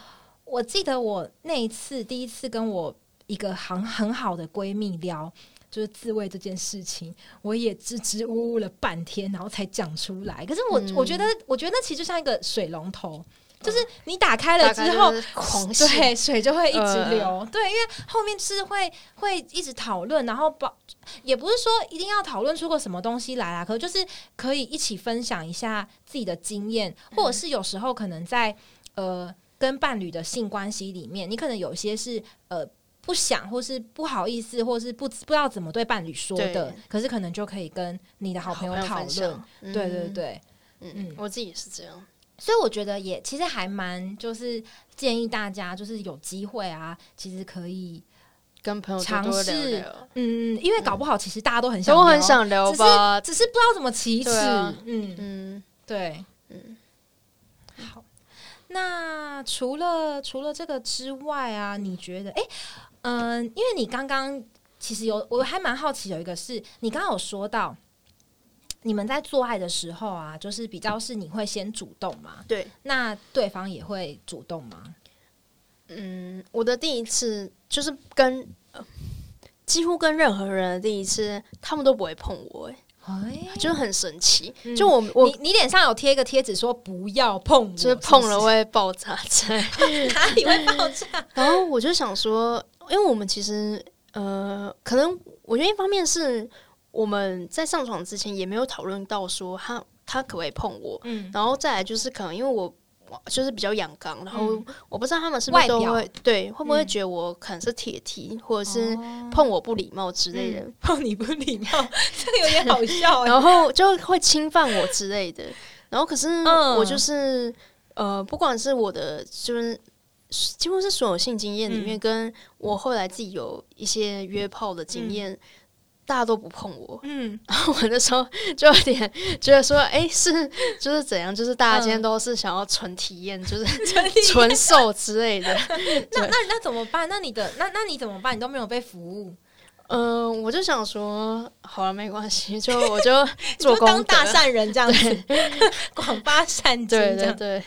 我記得我那一次第一次跟我一個很很好的閨蜜聊，就是自慰這件事情，我也支支吾吾了半天，然後才講出來。可是我、嗯、我覺得，我覺得那其實就像一個水龍頭，嗯、就是你打開了之後，對，水就會一直流。嗯、對，因為後面是會會一直討論，然後保也不是說一定要討論出個什麼東西來啊，可是就是可以一起分享一下自己的經驗，嗯、或者是有時候可能在呃跟伴侶的性關係裡面，你可能有些是呃。不想，或是不好意思，或是不不知道怎麼對伴侶說的，對可是可能就可以跟你的好朋友討論。對對對，嗯嗯，嗯我自己也是這樣，所以我覺得也其實還蠻就是建議大家就是有機會啊，其實可以跟朋友嘗試，嗯因為搞不好其實大家都很想聊，嗯、都很想聊吧，只是只是不知道怎麼啟齒，啊，嗯嗯，嗯，對，嗯。好，那除了除了這個之外啊，你覺得哎、欸嗯，因為你剛剛其實有，我還蠻好奇，有一個是你剛剛有說到，你們在做愛的時候啊，就是比較是你會先主動嘛？對，那對方也會主動嗎？嗯，我的第一次就是跟幾乎跟任何人的第一次，他們都不會碰我，欸，哎，哦欸，就很神奇。嗯，就我我你臉上有貼一個貼紙說不要碰，就是碰了會爆炸，是不是 哪裡會爆炸？ 然後我就想說。因為我們其實，呃，可能我覺得一方面是我們在上床之前也沒有討論到說他他可不可以碰我，嗯，然後再來就是可能因為我就是比較陽剛，嗯、然後我不知道他們是不是都會表對會不會覺得我可能是鐵 T、嗯、或者是碰我不禮貌之類的，嗯、碰你不禮貌， 這個有點好笑， 然後就會侵犯我之類的， 然後可是我就是、嗯、呃，不管是我的就是。幾乎是所有性經驗裡面，嗯、跟我後來自己有一些約炮的經驗，嗯、大家都不碰我，嗯，然後 我那時候就有點覺得說，哎、欸，是就是怎樣，就是大家今天都是想要純體驗，嗯、就是純純瘦之類的， 對那那那怎麼辦？那你的那那你怎麼辦？你都沒有被服務？嗯、呃，我就想說，好了、啊，沒關係，就我就做廣 大善人這樣子，廣對 發善金對，對，對，對，對，對。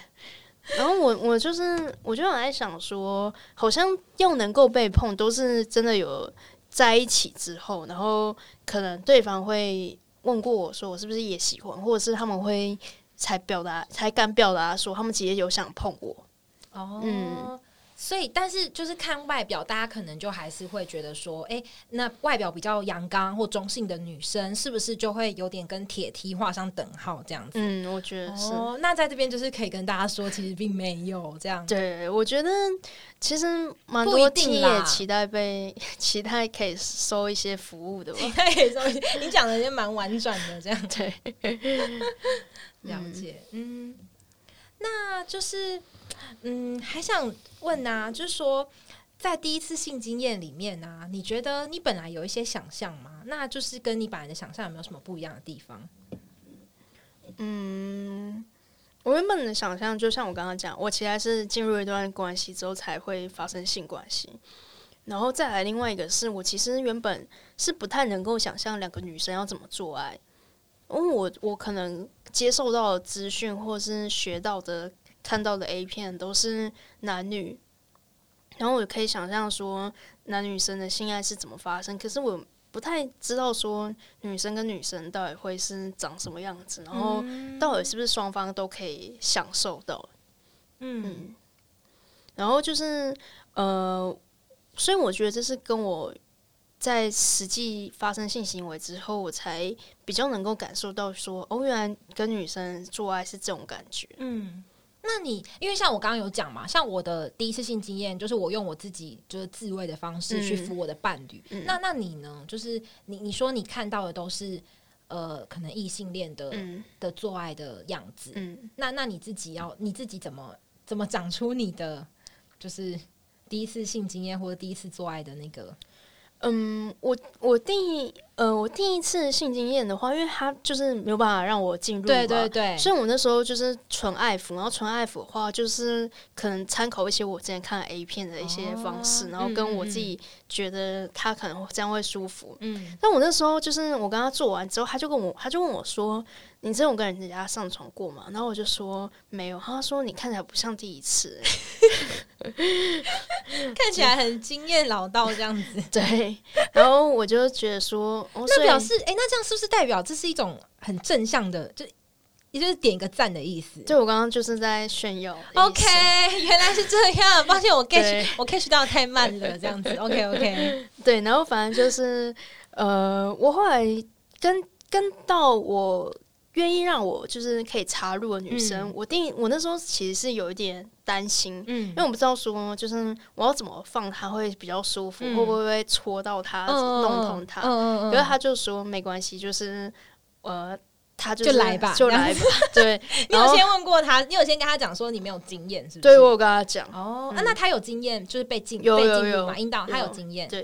然後我我就是，我就很在想說，好像又能夠被碰，都是真的有在一起之後，然後可能對方會問過我說，我是不是也喜歡，或者是他們會才表達，才敢表達說他們其實有想碰我，哦、oh. 嗯。所以，但是就是看外表，大家可能就還是會覺得說，哎、欸，那外表比較陽剛或中性的女生，是不是就會有點跟鐵梯畫上等號這樣子？嗯，我覺得是。哦、那在這邊就是可以跟大家說，其實並沒有這樣。對，我覺得其實蠻多聽也期待被期待可以收一些服務的，期待可以收一些。你講的也蠻婉轉的，這樣。對。 了解，嗯，嗯，那就是。嗯，還想問吶，就是說，在第一次性經驗裡面吶，你覺得你本來有一些想象嗎？那就是跟你本來的想象有沒有什麼不一樣的地方？嗯，我原本的想象就像我剛剛講，我其實是進入一段關係之後才會發生性關係，然後再來另外一個是我其實原本是不太能夠想象兩個女生要怎麼做愛，因為我我可能接受到資訊或是學到的。看到的 A 片都是男女，然後我可以想象說男女生的性愛是怎麼發生，可是我不太知道說女生跟女生到底會是長什麼樣子，然後到底是不是雙方都可以享受到？嗯，嗯，然後就是呃，所以我覺得這是跟我在實際發生性行為之後，我才比較能夠感受到說，哦，原來跟女生做愛是這種感覺。嗯。那你，因為像我剛剛有講嘛，像我的第一次性經驗，就是我用我自己就是自慰的方式去服我的伴侶。嗯嗯、那那你呢？就是你你說你看到的都是呃，可能異性戀的、嗯、的做愛的樣子。嗯、那那你自己要你自己怎麼怎麼長出你的就是第一次性經驗或者第一次做愛的那個？嗯，我我第。呃，我第一次性經驗的話，因為他就是沒有辦法讓我進入，對，對對。所以，我那時候就是純愛撫，然後純愛撫的話，就是可能參考一些我之前看 A 片的一些方式，哦，然後跟我自己覺得他可能這樣會舒服。嗯，嗯，但我那時候就是我跟他做完之後，他就跟我，他就問我說：“你之前有跟人家上床過嗎？”然後我就說：“沒有。”他說：“你看起來不像第一次欸， 看起來很經驗老道這樣子。”對。然後我就覺得說。哦、那表示，誒、欸，那這樣是不是代表這是一種很正向的，就也就是點一個讚的意思？就我剛剛就是在炫耀。OK，原來是這樣，發現 我 get 我 catch 到太慢了，這樣子。 OK，OK，okay, okay 對。然後反正就是，呃，我後來跟跟到我願意讓我就是可以插入的女生，嗯、我定我那時候其實是有一點。擔心，嗯，因為我不知道說，就是我要怎麼放，他會比較舒服，會不會戳到他，弄痛他？然後他就說沒關係，就是呃，他就來吧，就來吧。對，你有先問過他，你有先跟他講說你沒有經驗，是不是？對，我有跟他講哦。那他有經驗，就是被進，被進入，有陰道，他有經驗。對，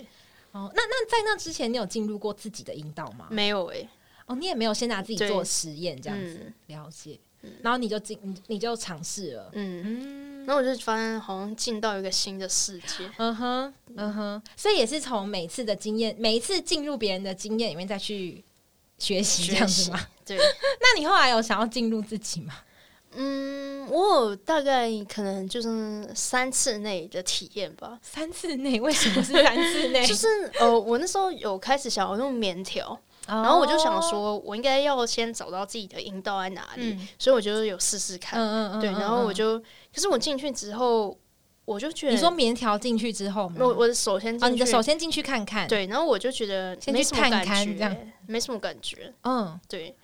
哦，那那在那之前，你有進入過自己的陰道嗎？沒有哎。哦，你也沒有先拿自己做實驗這樣子了解，然後你就進，你就嘗試了，嗯嗯。然後我就發現，好像進到一個新的世界。嗯哼，嗯哼，所以也是從每次的經驗，每一次進入別人的經驗裡面再去學習，這樣子嗎？對。那你後來有想要進入自己嗎？嗯，我有大概可能就是三次內的體驗吧。三次內為什麼是三次內？ 就是呃，我那時候有開始想要用棉條。然後我就想說，我應該要先找到自己的陰道在哪裡，嗯、所以我就有試試看。嗯嗯嗯、對，然後我就，可是我進去之後，我就覺得你說棉條進去之後我，我我的手先進去啊、哦，你的手先進去看看，對，然後我就覺得沒什麼感覺，沒什麼感覺。嗯，對，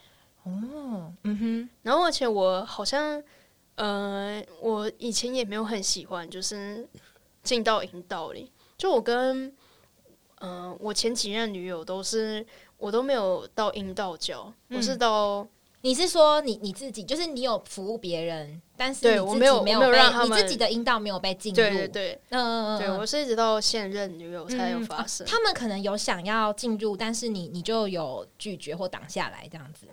哦，嗯哼，然後而且我好像，呃，我以前也沒有很喜歡，就是進到陰道裡，就我跟，呃，我前幾任女友都是。我都沒有到陰道交，不、嗯、是到。你是說你你自己，就是你有服務別人，但是對我沒有我沒有讓他們你自己的陰道沒有被進入。對對對，嗯、呃，對我是一直到現任女友才有發生。嗯啊、他們可能有想要進入，但是你你就有拒絕或擋下來這樣子。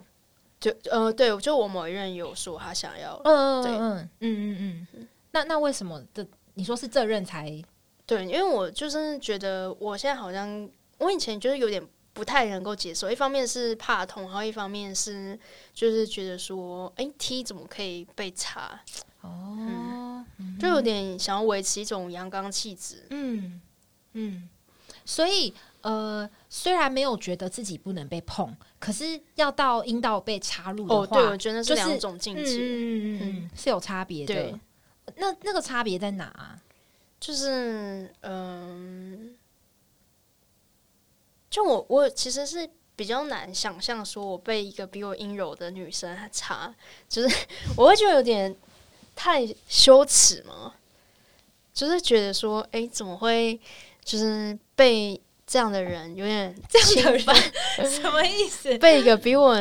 就呃，對，就我某一任有說他想要，嗯對嗯嗯嗯嗯嗯，那那為什麼這你說是這任才？對，因為我就是覺得我現在好像我以前就是有點。不太能夠接受，一方面是怕痛，然後一方面是就是覺得說，哎、欸、，T 怎麼可以被插？哦，嗯嗯、就有點想要維持一種陽剛氣質。嗯嗯，所以呃，雖然沒有覺得自己不能被碰，可是要到陰道被插入的話，哦、對，我覺得那是兩種境界、就是，嗯嗯,嗯,嗯是有差別的。對那那個差別在哪、啊？就是嗯。呃就我，我其實是比較難想象，說我被一個比我陰柔的女生還差，就是我會覺得有點太羞恥嘛，就是覺得說，哎、欸，怎麼會，就是被這樣的人有點侵犯，這樣的人什麼意思？被一個比我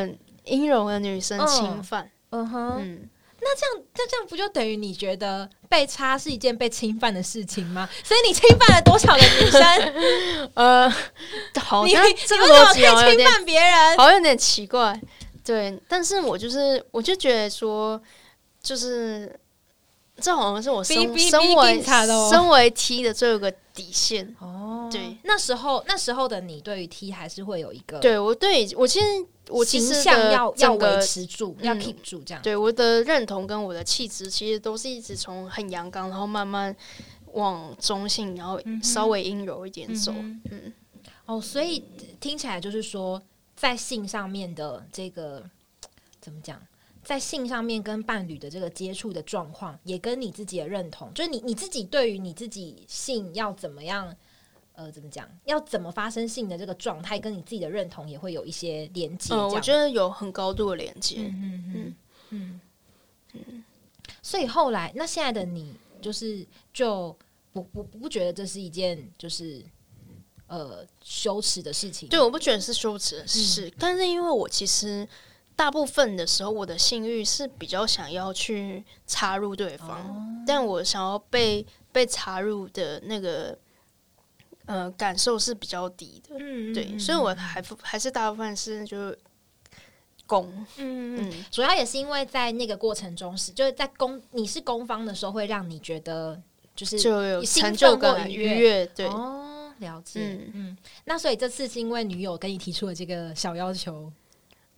陰柔的女生侵犯，oh, uh huh. 嗯哼，那這樣，那這樣不就等於你覺得被插是一件被侵犯的事情嗎？所以你侵犯了多少個女生？ 呃，好你們怎麼可以侵犯別人，好像有點奇怪。對，但是我就是，我就覺得說，就是這好像是我身 B, B, B, 身為身為 T 的最後一個。底線哦，對，那時候那時候的你對於 T 還是會有一個對，對我對我其實我其實想要要維持住，嗯、要挺住這樣，對我的認同跟我的氣質其實都是一直從很陽剛，然後慢慢往中性，然後稍微陰柔一點走，嗯，哼嗯，嗯哦，所以聽起來就是說在性上面的這個怎麼講？在性上面跟伴侶的這個接觸的狀況，也跟你自己的認同，就是你你自己對於你自己性要怎麼樣，呃，怎麼講，要怎麼發生性的這個狀態，跟你自己的認同也會有一些連接，呃。我覺得有很高度的連接，嗯。嗯嗯嗯嗯。嗯所以後來，那現在的你，就是，就是就不不不覺得這是一件就是呃羞恥的事情。對，我不覺得是羞恥的事。嗯、但是因為我其實。大部分的時候，我的性欲是比較想要去插入對方，哦、但我想要被、嗯、被插入的那個呃感受是比較低的，嗯嗯嗯對，所以我還不還是大部分是就攻，攻嗯嗯，主要也是因為在那個過程中是就是在攻，你是攻方的時候，會讓你覺得就是就有成就感愉悅，對哦，了解，嗯，嗯，那所以這次是因為女友跟你提出了這個小要求。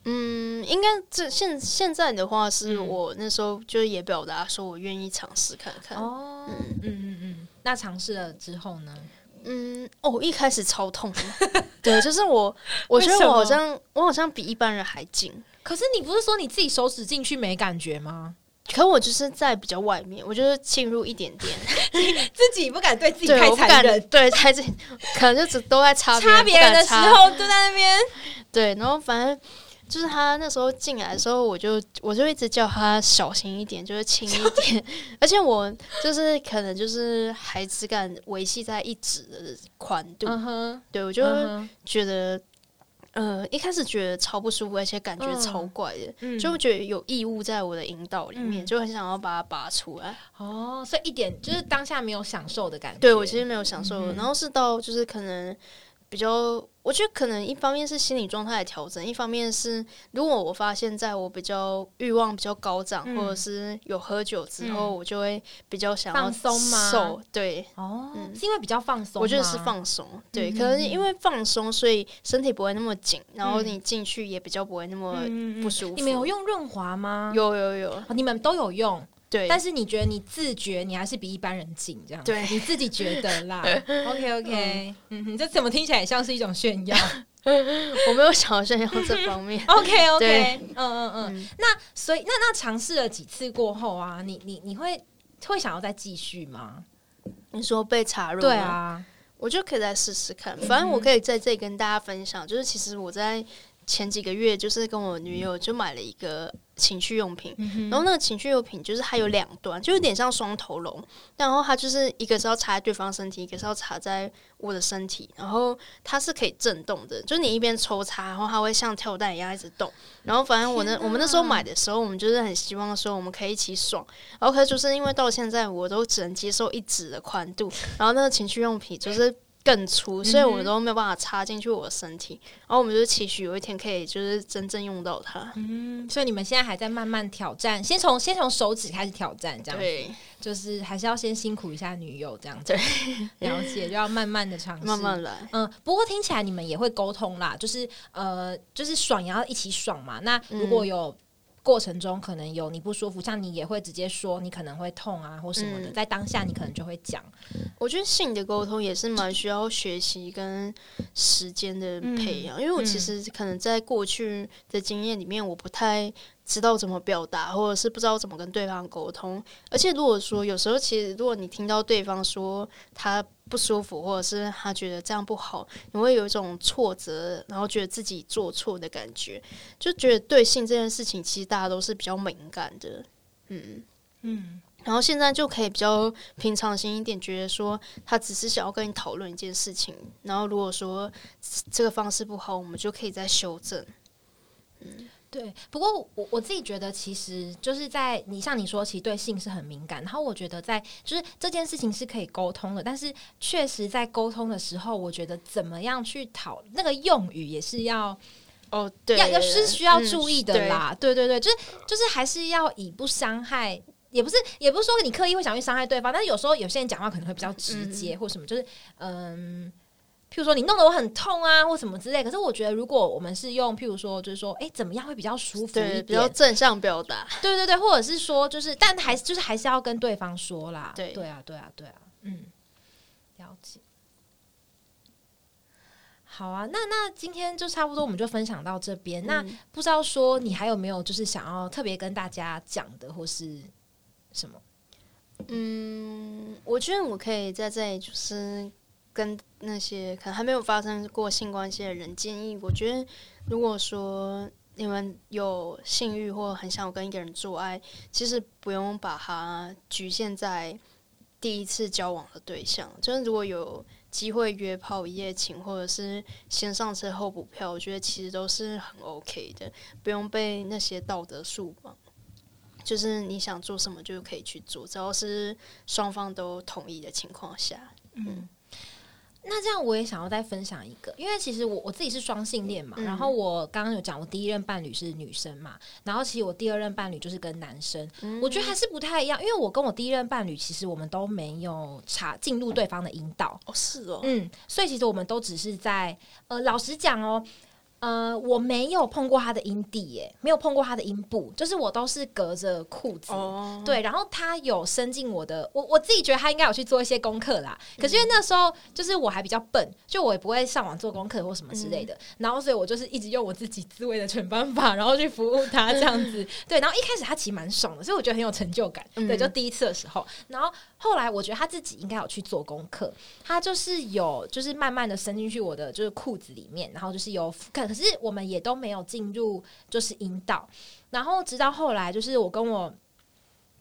嗯，應該這現現在的話，是我那時候就也表達說我願意嘗試看看哦，嗯嗯嗯嗯，嗯嗯那嘗試了之後呢？嗯，哦，一開始超痛的， 對，就是我，我覺得我好像我好像比一般人還緊。可是你不是說你自己手指進去沒感覺嗎？可我就是在比較外面，我就是進入一點點， 自己不敢對自己太殘忍，對太對， 對猜自己，可能就只都在插插別人的時候就在那邊， 對，然後反正。就是他那時候進來的時候，我就我就一直叫他小心一點，就是輕一點。 而且我就是可能就是還只敢維繫在一指的寬度，uh huh. 對我就覺得，uh huh. 呃，一開始覺得超不舒服，而且感覺超怪的，uh huh. 就覺得有異物在我的陰道裡面，uh huh. 就很想要把它拔出來。哦，oh, 所以一點就是當下沒有享受的感覺。對我其實沒有享受，uh huh. 然後是到就是可能比較。我覺得可能一方面是心理狀態的調整，一方面是如果我發現在我比較欲望比較高漲，嗯、或者是有喝酒之後，嗯、我就會比較想要瘦放鬆嘛。對，哦，嗯、是因為比較放鬆。我覺得是放鬆，對，嗯、可能因為放鬆，所以身體不會那麼緊，嗯、然後你進去也比較不會那麼不舒服。嗯、你們有用潤滑嗎？有有有、哦，你們都有用。對但是你覺得你自覺你還是比一般人近這樣子？對，你自己覺得啦。 對 OK OK，嗯,嗯哼，這怎麼聽起來像是一種炫耀？ 我沒有想要炫耀這方面。 OK OK，嗯對嗯嗯。那所以那那嘗試了幾次過後啊，你你你,你會會想要再繼續嗎？你說被插入？對啊，我就可以再試試看。嗯嗯反正我可以在這裡跟大家分享，就是其實我在。前幾個月就是跟我女友就買了一個情趣用品，嗯、哼然後那個情趣用品就是它有兩端，就有點像雙頭龍，然後它就是一個是要插在對方身體，一個是要插在我的身體，然後它是可以震動的，就你一邊抽插，然後它會像跳蛋一樣一直動，然後反正我那、天啊、我們那時候買的時候，我們就是很希望說我們可以一起爽，然後可是就是因為到現在我都只能接受一指的寬度，然後那個情趣用品就是。更粗，所以我們都沒有辦法插進去我的身體，嗯、哼然後我們就期許有一天可以就是真正用到它。嗯，所以你們現在還在慢慢挑戰，先從先從手指開始挑戰，這樣對，就是還是要先辛苦一下女友這樣子，對，了解，就要慢慢的嘗試，慢慢來嗯。不過聽起來你們也會溝通啦，就是呃，就是爽也要一起爽嘛。那如果有。嗯過程中可能有你不舒服，像你也會直接說你可能會痛啊或什麼的，嗯、在當下你可能就會講。我覺得性的溝通也是蠻需要學習跟時間的培養，嗯、因為我其實可能在過去的經驗裡面，我不太。知道怎麼表達，或者是不知道怎麼跟對方溝通。而且如果說有時候，其實如果你聽到對方說他不舒服，或者是他覺得這樣不好，你會有一種挫折，然後覺得自己做錯的感覺，就覺得對性這件事情，其實大家都是比較敏感的。嗯嗯，然後現在就可以比較平常心一點，覺得說他只是想要跟你討論一件事情，然後如果說這個方式不好，我們就可以再修正。嗯。對，不過我我自己覺得，其實就是在你像你說，其實對性是很敏感。然後我覺得，在就是這件事情是可以溝通的，但是確實在溝通的時候，我覺得怎麼樣去討那個用語也是要哦，對要也是需要注意的啦。嗯、對，對對對，就是就是還是要以不傷害，也不是也不是說你刻意會想去傷害對方，但是有時候有些人講話可能會比較直接、嗯、或什麼，就是嗯。譬如說，你弄得我很痛啊？或什麼之類。可是我覺得，如果我們是用譬如說，就是說，哎、欸，怎麼樣會比較舒服？對，比較正向表達。對對對，或者是說，就是，但還是就是還是要跟對方說啦。對對啊，對啊，對啊，嗯，了解。好啊，那那今天就差不多，我們就分享到這邊。嗯、那不知道說你還有沒有，就是想要特別跟大家講的，或是什麼？嗯，我覺得我可以在這裡就是。跟那些可能還沒有發生過性關係的人建議，我覺得，如果說你們有性慾或很想跟一個人做愛，其實不用把它局限在第一次交往的對象。就是如果有機會約炮一夜情，或者是先上車後補票，我覺得其實都是很 OK 的，不用被那些道德束縛。就是你想做什麼就可以去做，只要是雙方都同意的情況下，嗯。那這樣我也想要再分享一個，因為其實我我自己是雙性戀嘛，嗯、哼然後我剛剛有講我第一任伴侶是女生嘛，然後其實我第二任伴侶就是跟男生，嗯、哼我覺得還是不太一樣，因為我跟我第一任伴侶，其實我們都沒有插進入對方的陰道。哦，是哦，嗯，所以其實我們都只是在，呃，老實講哦。呃，我沒有碰過他的陰蒂耶，沒有碰過他的陰部，就是我都是隔着褲子。Oh. 對，然後他有伸進我的，我我自己覺得他應該有去做一些功課啦。嗯、可是因為那時候就是我還比較笨，就我也不會上網做功課或什麼之類的。嗯、然後，所以我就是一直用我自己自慰的蠢辦法，然後去服務他這樣子。 對，然後一開始他其實蠻爽的，所以我覺得很有成就感。嗯、對，就第一次的時候。然後後來我覺得他自己應該有去做功課，他就是有就是慢慢的伸進去我的就是褲子裡面，然後就是有可是我們也都沒有進入，就是陰道，然後直到後來，就是我跟我，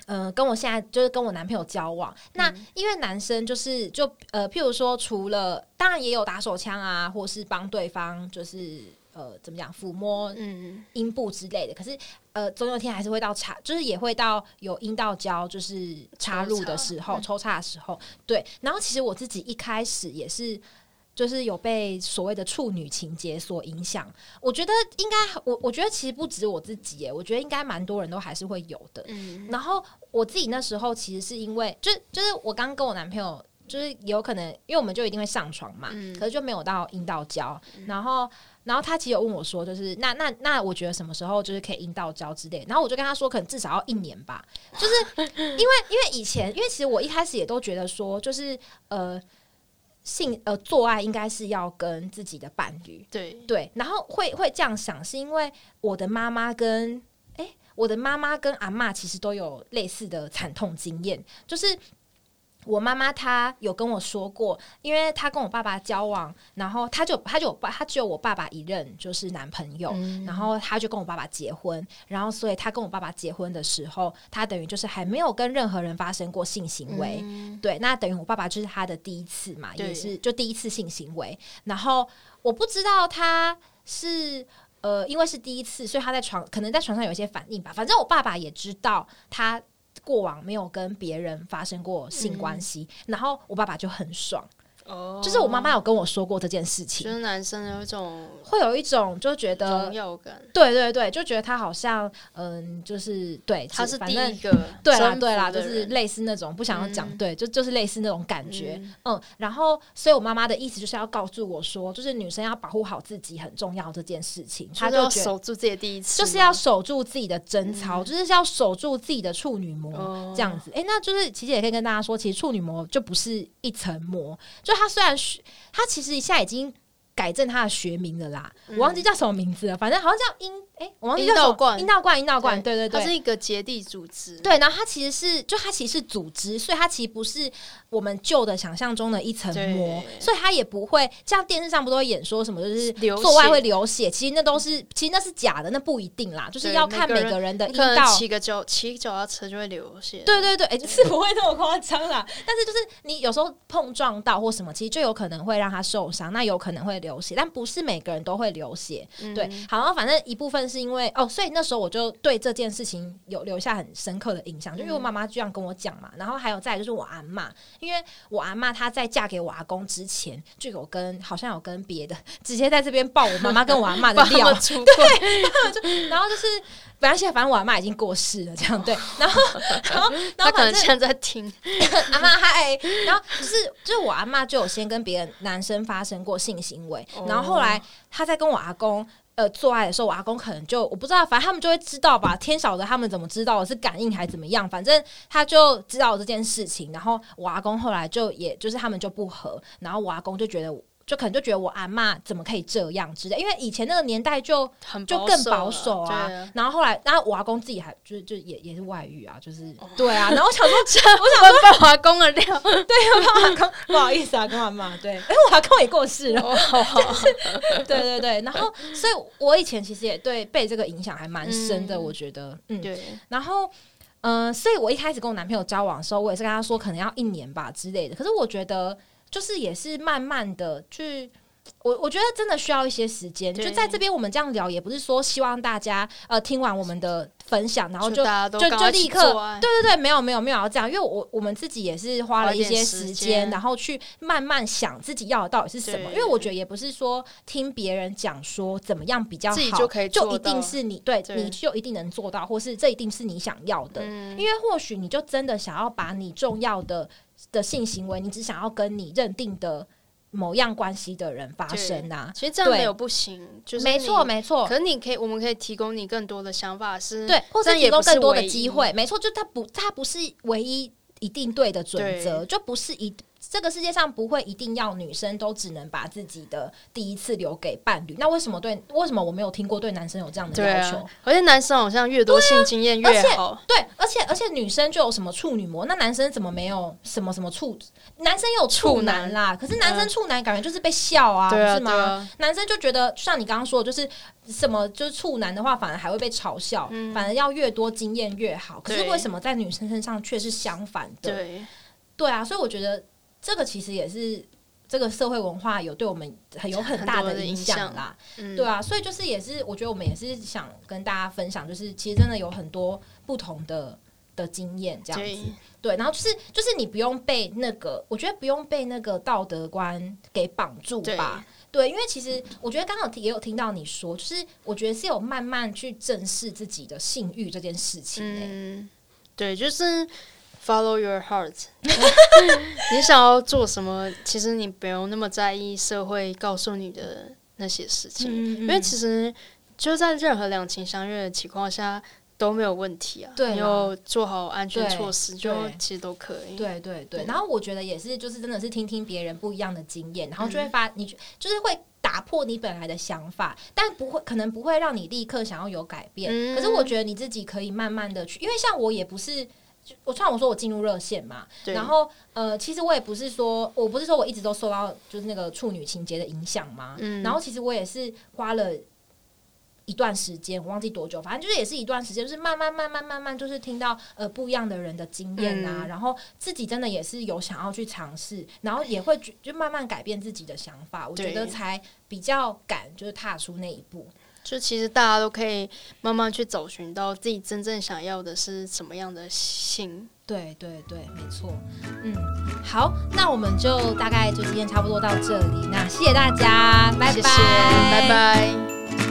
嗯、呃，跟我現在就是跟我男朋友交往，嗯、那因為男生就是就呃，譬如說，除了當然也有打手槍啊，或是幫對方就是呃，怎麼講，撫摸嗯陰部之類的，嗯、可是呃，總有天還是會到插，就是也會到有陰道交，就是插入的時候，抽插、嗯、的時候，對，然後其實我自己一開始也是。就是有被所謂的處女情結所影響，我覺得應該，我我覺得其實不止我自己耶，我覺得應該蠻多人都還是會有的。嗯、然後我自己那時候其實是因為，就就是我剛剛跟我男朋友，就是有可能因為我們就一定會上床嘛，嗯、可是就沒有到陰道交。嗯、然後，然後他其實有問我說，就是那那那，那那我覺得什麼時候就是可以陰道交之類。然後我就跟他說，可能至少要一年吧。就是因為哇因為以前，嗯、因為其實我一開始也都覺得說，就是呃。性呃，做愛應該是要跟自己的伴侶對對，然後會會這樣想，是因為我的媽媽跟誒、欸，我的媽媽跟阿嬤其實都有類似的慘痛經驗，就是。我媽媽她有跟我說過，因為她跟我爸爸交往，然後她就她就爸她只有我爸爸一任就是男朋友，嗯、然後她就跟我爸爸結婚，然後所以她跟我爸爸結婚的時候，她等於就是還沒有跟任何人發生過性行為，嗯、對，那等於我爸爸就是她的第一次嘛，對也是就第一次性行為，然後我不知道他是呃，因為是第一次，所以他在床可能在床上有一些反應吧，反正我爸爸也知道他。過往沒有跟別人發生過性關係，嗯，然後我爸爸就很爽。哦，oh, 就是我媽媽有跟我說過這件事情，就是男生有一種有會有一種就覺得感，對對對，就覺得他好像嗯，就是對，他是第一個的，對啦對啦，就是類似那種不想要講，對，嗯、就就是類似那種感覺，嗯，嗯，然後所以我媽媽的意思就是要告訴我說，就是女生要保護好自己很重要這件事情，她就要守住自己第一次，就是要守住自己的貞操，就是，嗯、就是要守住自己的處女膜，oh. 這樣子。哎、欸，那就是其實也可以跟大家說，其實處女膜就不是一層膜，他雖然是，他其實現在已經改正他的學名了啦，嗯，我忘記叫什麼名字了，反正好像叫英。哎、欸，我忘記叫什麼陰道冠，陰道冠，對，對對對，它是一個結締組織。對，然後它其實是，就它其實是組織，所以它其實不是我們舊的想象中的一層膜，對對對，所以它也不會像電視上不都會演說什麼就是做愛會流血，流血其實那都是，其實那是假的，那不一定啦，就是要看每個人的陰道。騎個腳騎腳踏車就會流血，對對對，對、欸，是不會那麼誇張啦。 但是就是你有時候碰撞到或什麼，其實就有可能會讓它受傷，那有可能會流血，但不是每個人都會流血。嗯、對，好像反正一部分。但是因為哦，所以那時候我就對這件事情有留下很深刻的印象，嗯、就因為我媽媽這樣跟我講嘛。然後還有再就是我阿嬤，因為我阿嬤她在嫁給我阿公之前就有跟好像有跟別的直接在這邊爆我媽媽跟我阿嬤的料，對。然後就是不要現在，反正我阿嬤已經過世了，這樣對。然後然後，然後他可能現在在聽 阿嬤嗨，然後就是就是我阿嬤就有先跟別的男生發生過性行為，oh. 然後後來她在跟我阿公，呃，做愛的時候，我阿公可能就我不知道，反正他們就會知道吧，天曉得他們怎麼知道，我是感應還是怎麼樣，反正他就知道這件事情，然後我阿公後來就也就是他們就不和，然後我阿公就覺得。就可能就覺得我阿嬤怎麼可以這樣之類，因為以前那個年代就很就更保守啊。然後後來，然後我阿公自己還就是就也也是外遇啊，就是對啊。然後我想說，我想說，我阿公啊,對,我阿公不好意思啊,跟我阿嬤對,哎,我阿公也過世了。對對對，然後所以，我以前其實也對被這個影響還蠻深的，我覺得嗯，對。然後嗯，所以我一開始跟我男朋友交往的時候，我也是跟他說可能要一年吧之類的。可是我覺得。就是也是慢慢的去，我我覺得真的需要一些時間。對就在這邊我們這樣聊，也不是說希望大家呃聽完我們的分享，然後就就就就立刻對對對，沒有沒有沒有要這樣，因為我我們自己也是花了一些時間，時然後去慢慢想自己要的到底是什麼。對因為我覺得也不是說聽別人講說怎麼樣比較好，自己就可以做到就一定是你對，對你就一定能做到，或是這一定是你想要的。嗯，因為或許你就真的想要把你重要的，的性行為，你只想要跟你認定的某樣關係的人發生啊？其實這樣沒有不行，對就是沒錯沒錯。可你可以，我們可以提供你更多的想法是，對，或者提供更多的機會，沒錯，就它不，它不是唯一一定對的準則，對就不是一。這個世界上不會一定要女生都只能把自己的第一次留給伴侶，那為什麼？對，為什麼我沒有聽過對男生有這樣的要求？啊、而且男生好像越多性經驗越好對、啊，對，而且而且女生就有什麼處女膜，那男生怎麼沒有什麼什麼處？男生有處男啦，男可是男生處男感覺就是被笑啊，啊是嗎？啊啊、男生就覺得就像你剛剛說的，就是什麼就是處男的話，反而還會被嘲笑，嗯、反而要越多經驗越好。對，可是為什麼在女生身上卻是相反的？對，對啊，所以我覺得。這個其實也是這個社會文化有對我們很有很大的影響啦，嗯、對啊，所以就是也是我覺得我們也是想跟大家分享，就是其實真的有很多不同的的經驗這樣子，對，對，然後就是就是你不用被那個，我覺得不用被那個道德觀給綁住吧，對，對，因為其實我覺得剛好也有聽到你說，就是我覺得是有慢慢去正視自己的性慾這件事情、欸，嗯，對，就是。Follow your heart， 你想要做什麼？ 其實你不用那麼在意社會告訴你的那些事情，嗯嗯、因為其實就在任何兩情相悅的情況下都沒有問題啊。對啦，你要做好安全措施就，就其實都可以。對對對。對然後我覺得也是，就是真的是聽聽別人不一樣的經驗，然後就會發，嗯、你就是會打破你本來的想法，但不會，可能不會讓你立刻想要有改變。嗯、可是我覺得你自己可以慢慢的去，因為像我也不是。我算，我說我進入熱線嘛，對然後呃，其實我也不是說，我不是說我一直都受到就是那個處女情結的影響嘛，嗯，然後其實我也是花了一段時間，我忘記多久，反正就是也是一段時間，就是慢慢慢慢慢慢，就是聽到呃不一樣的人的經驗啊，嗯，然後自己真的也是有想要去嘗試，然後也會就，就慢慢改變自己的想法，對我覺得才比較敢就是踏出那一步。就其實大家都可以慢慢去找尋到自己真正想要的是什麼樣的性。對對對，沒錯。嗯，好，那我們就大概就今天差不多到這裡，那謝謝大家，拜拜，謝謝，拜拜。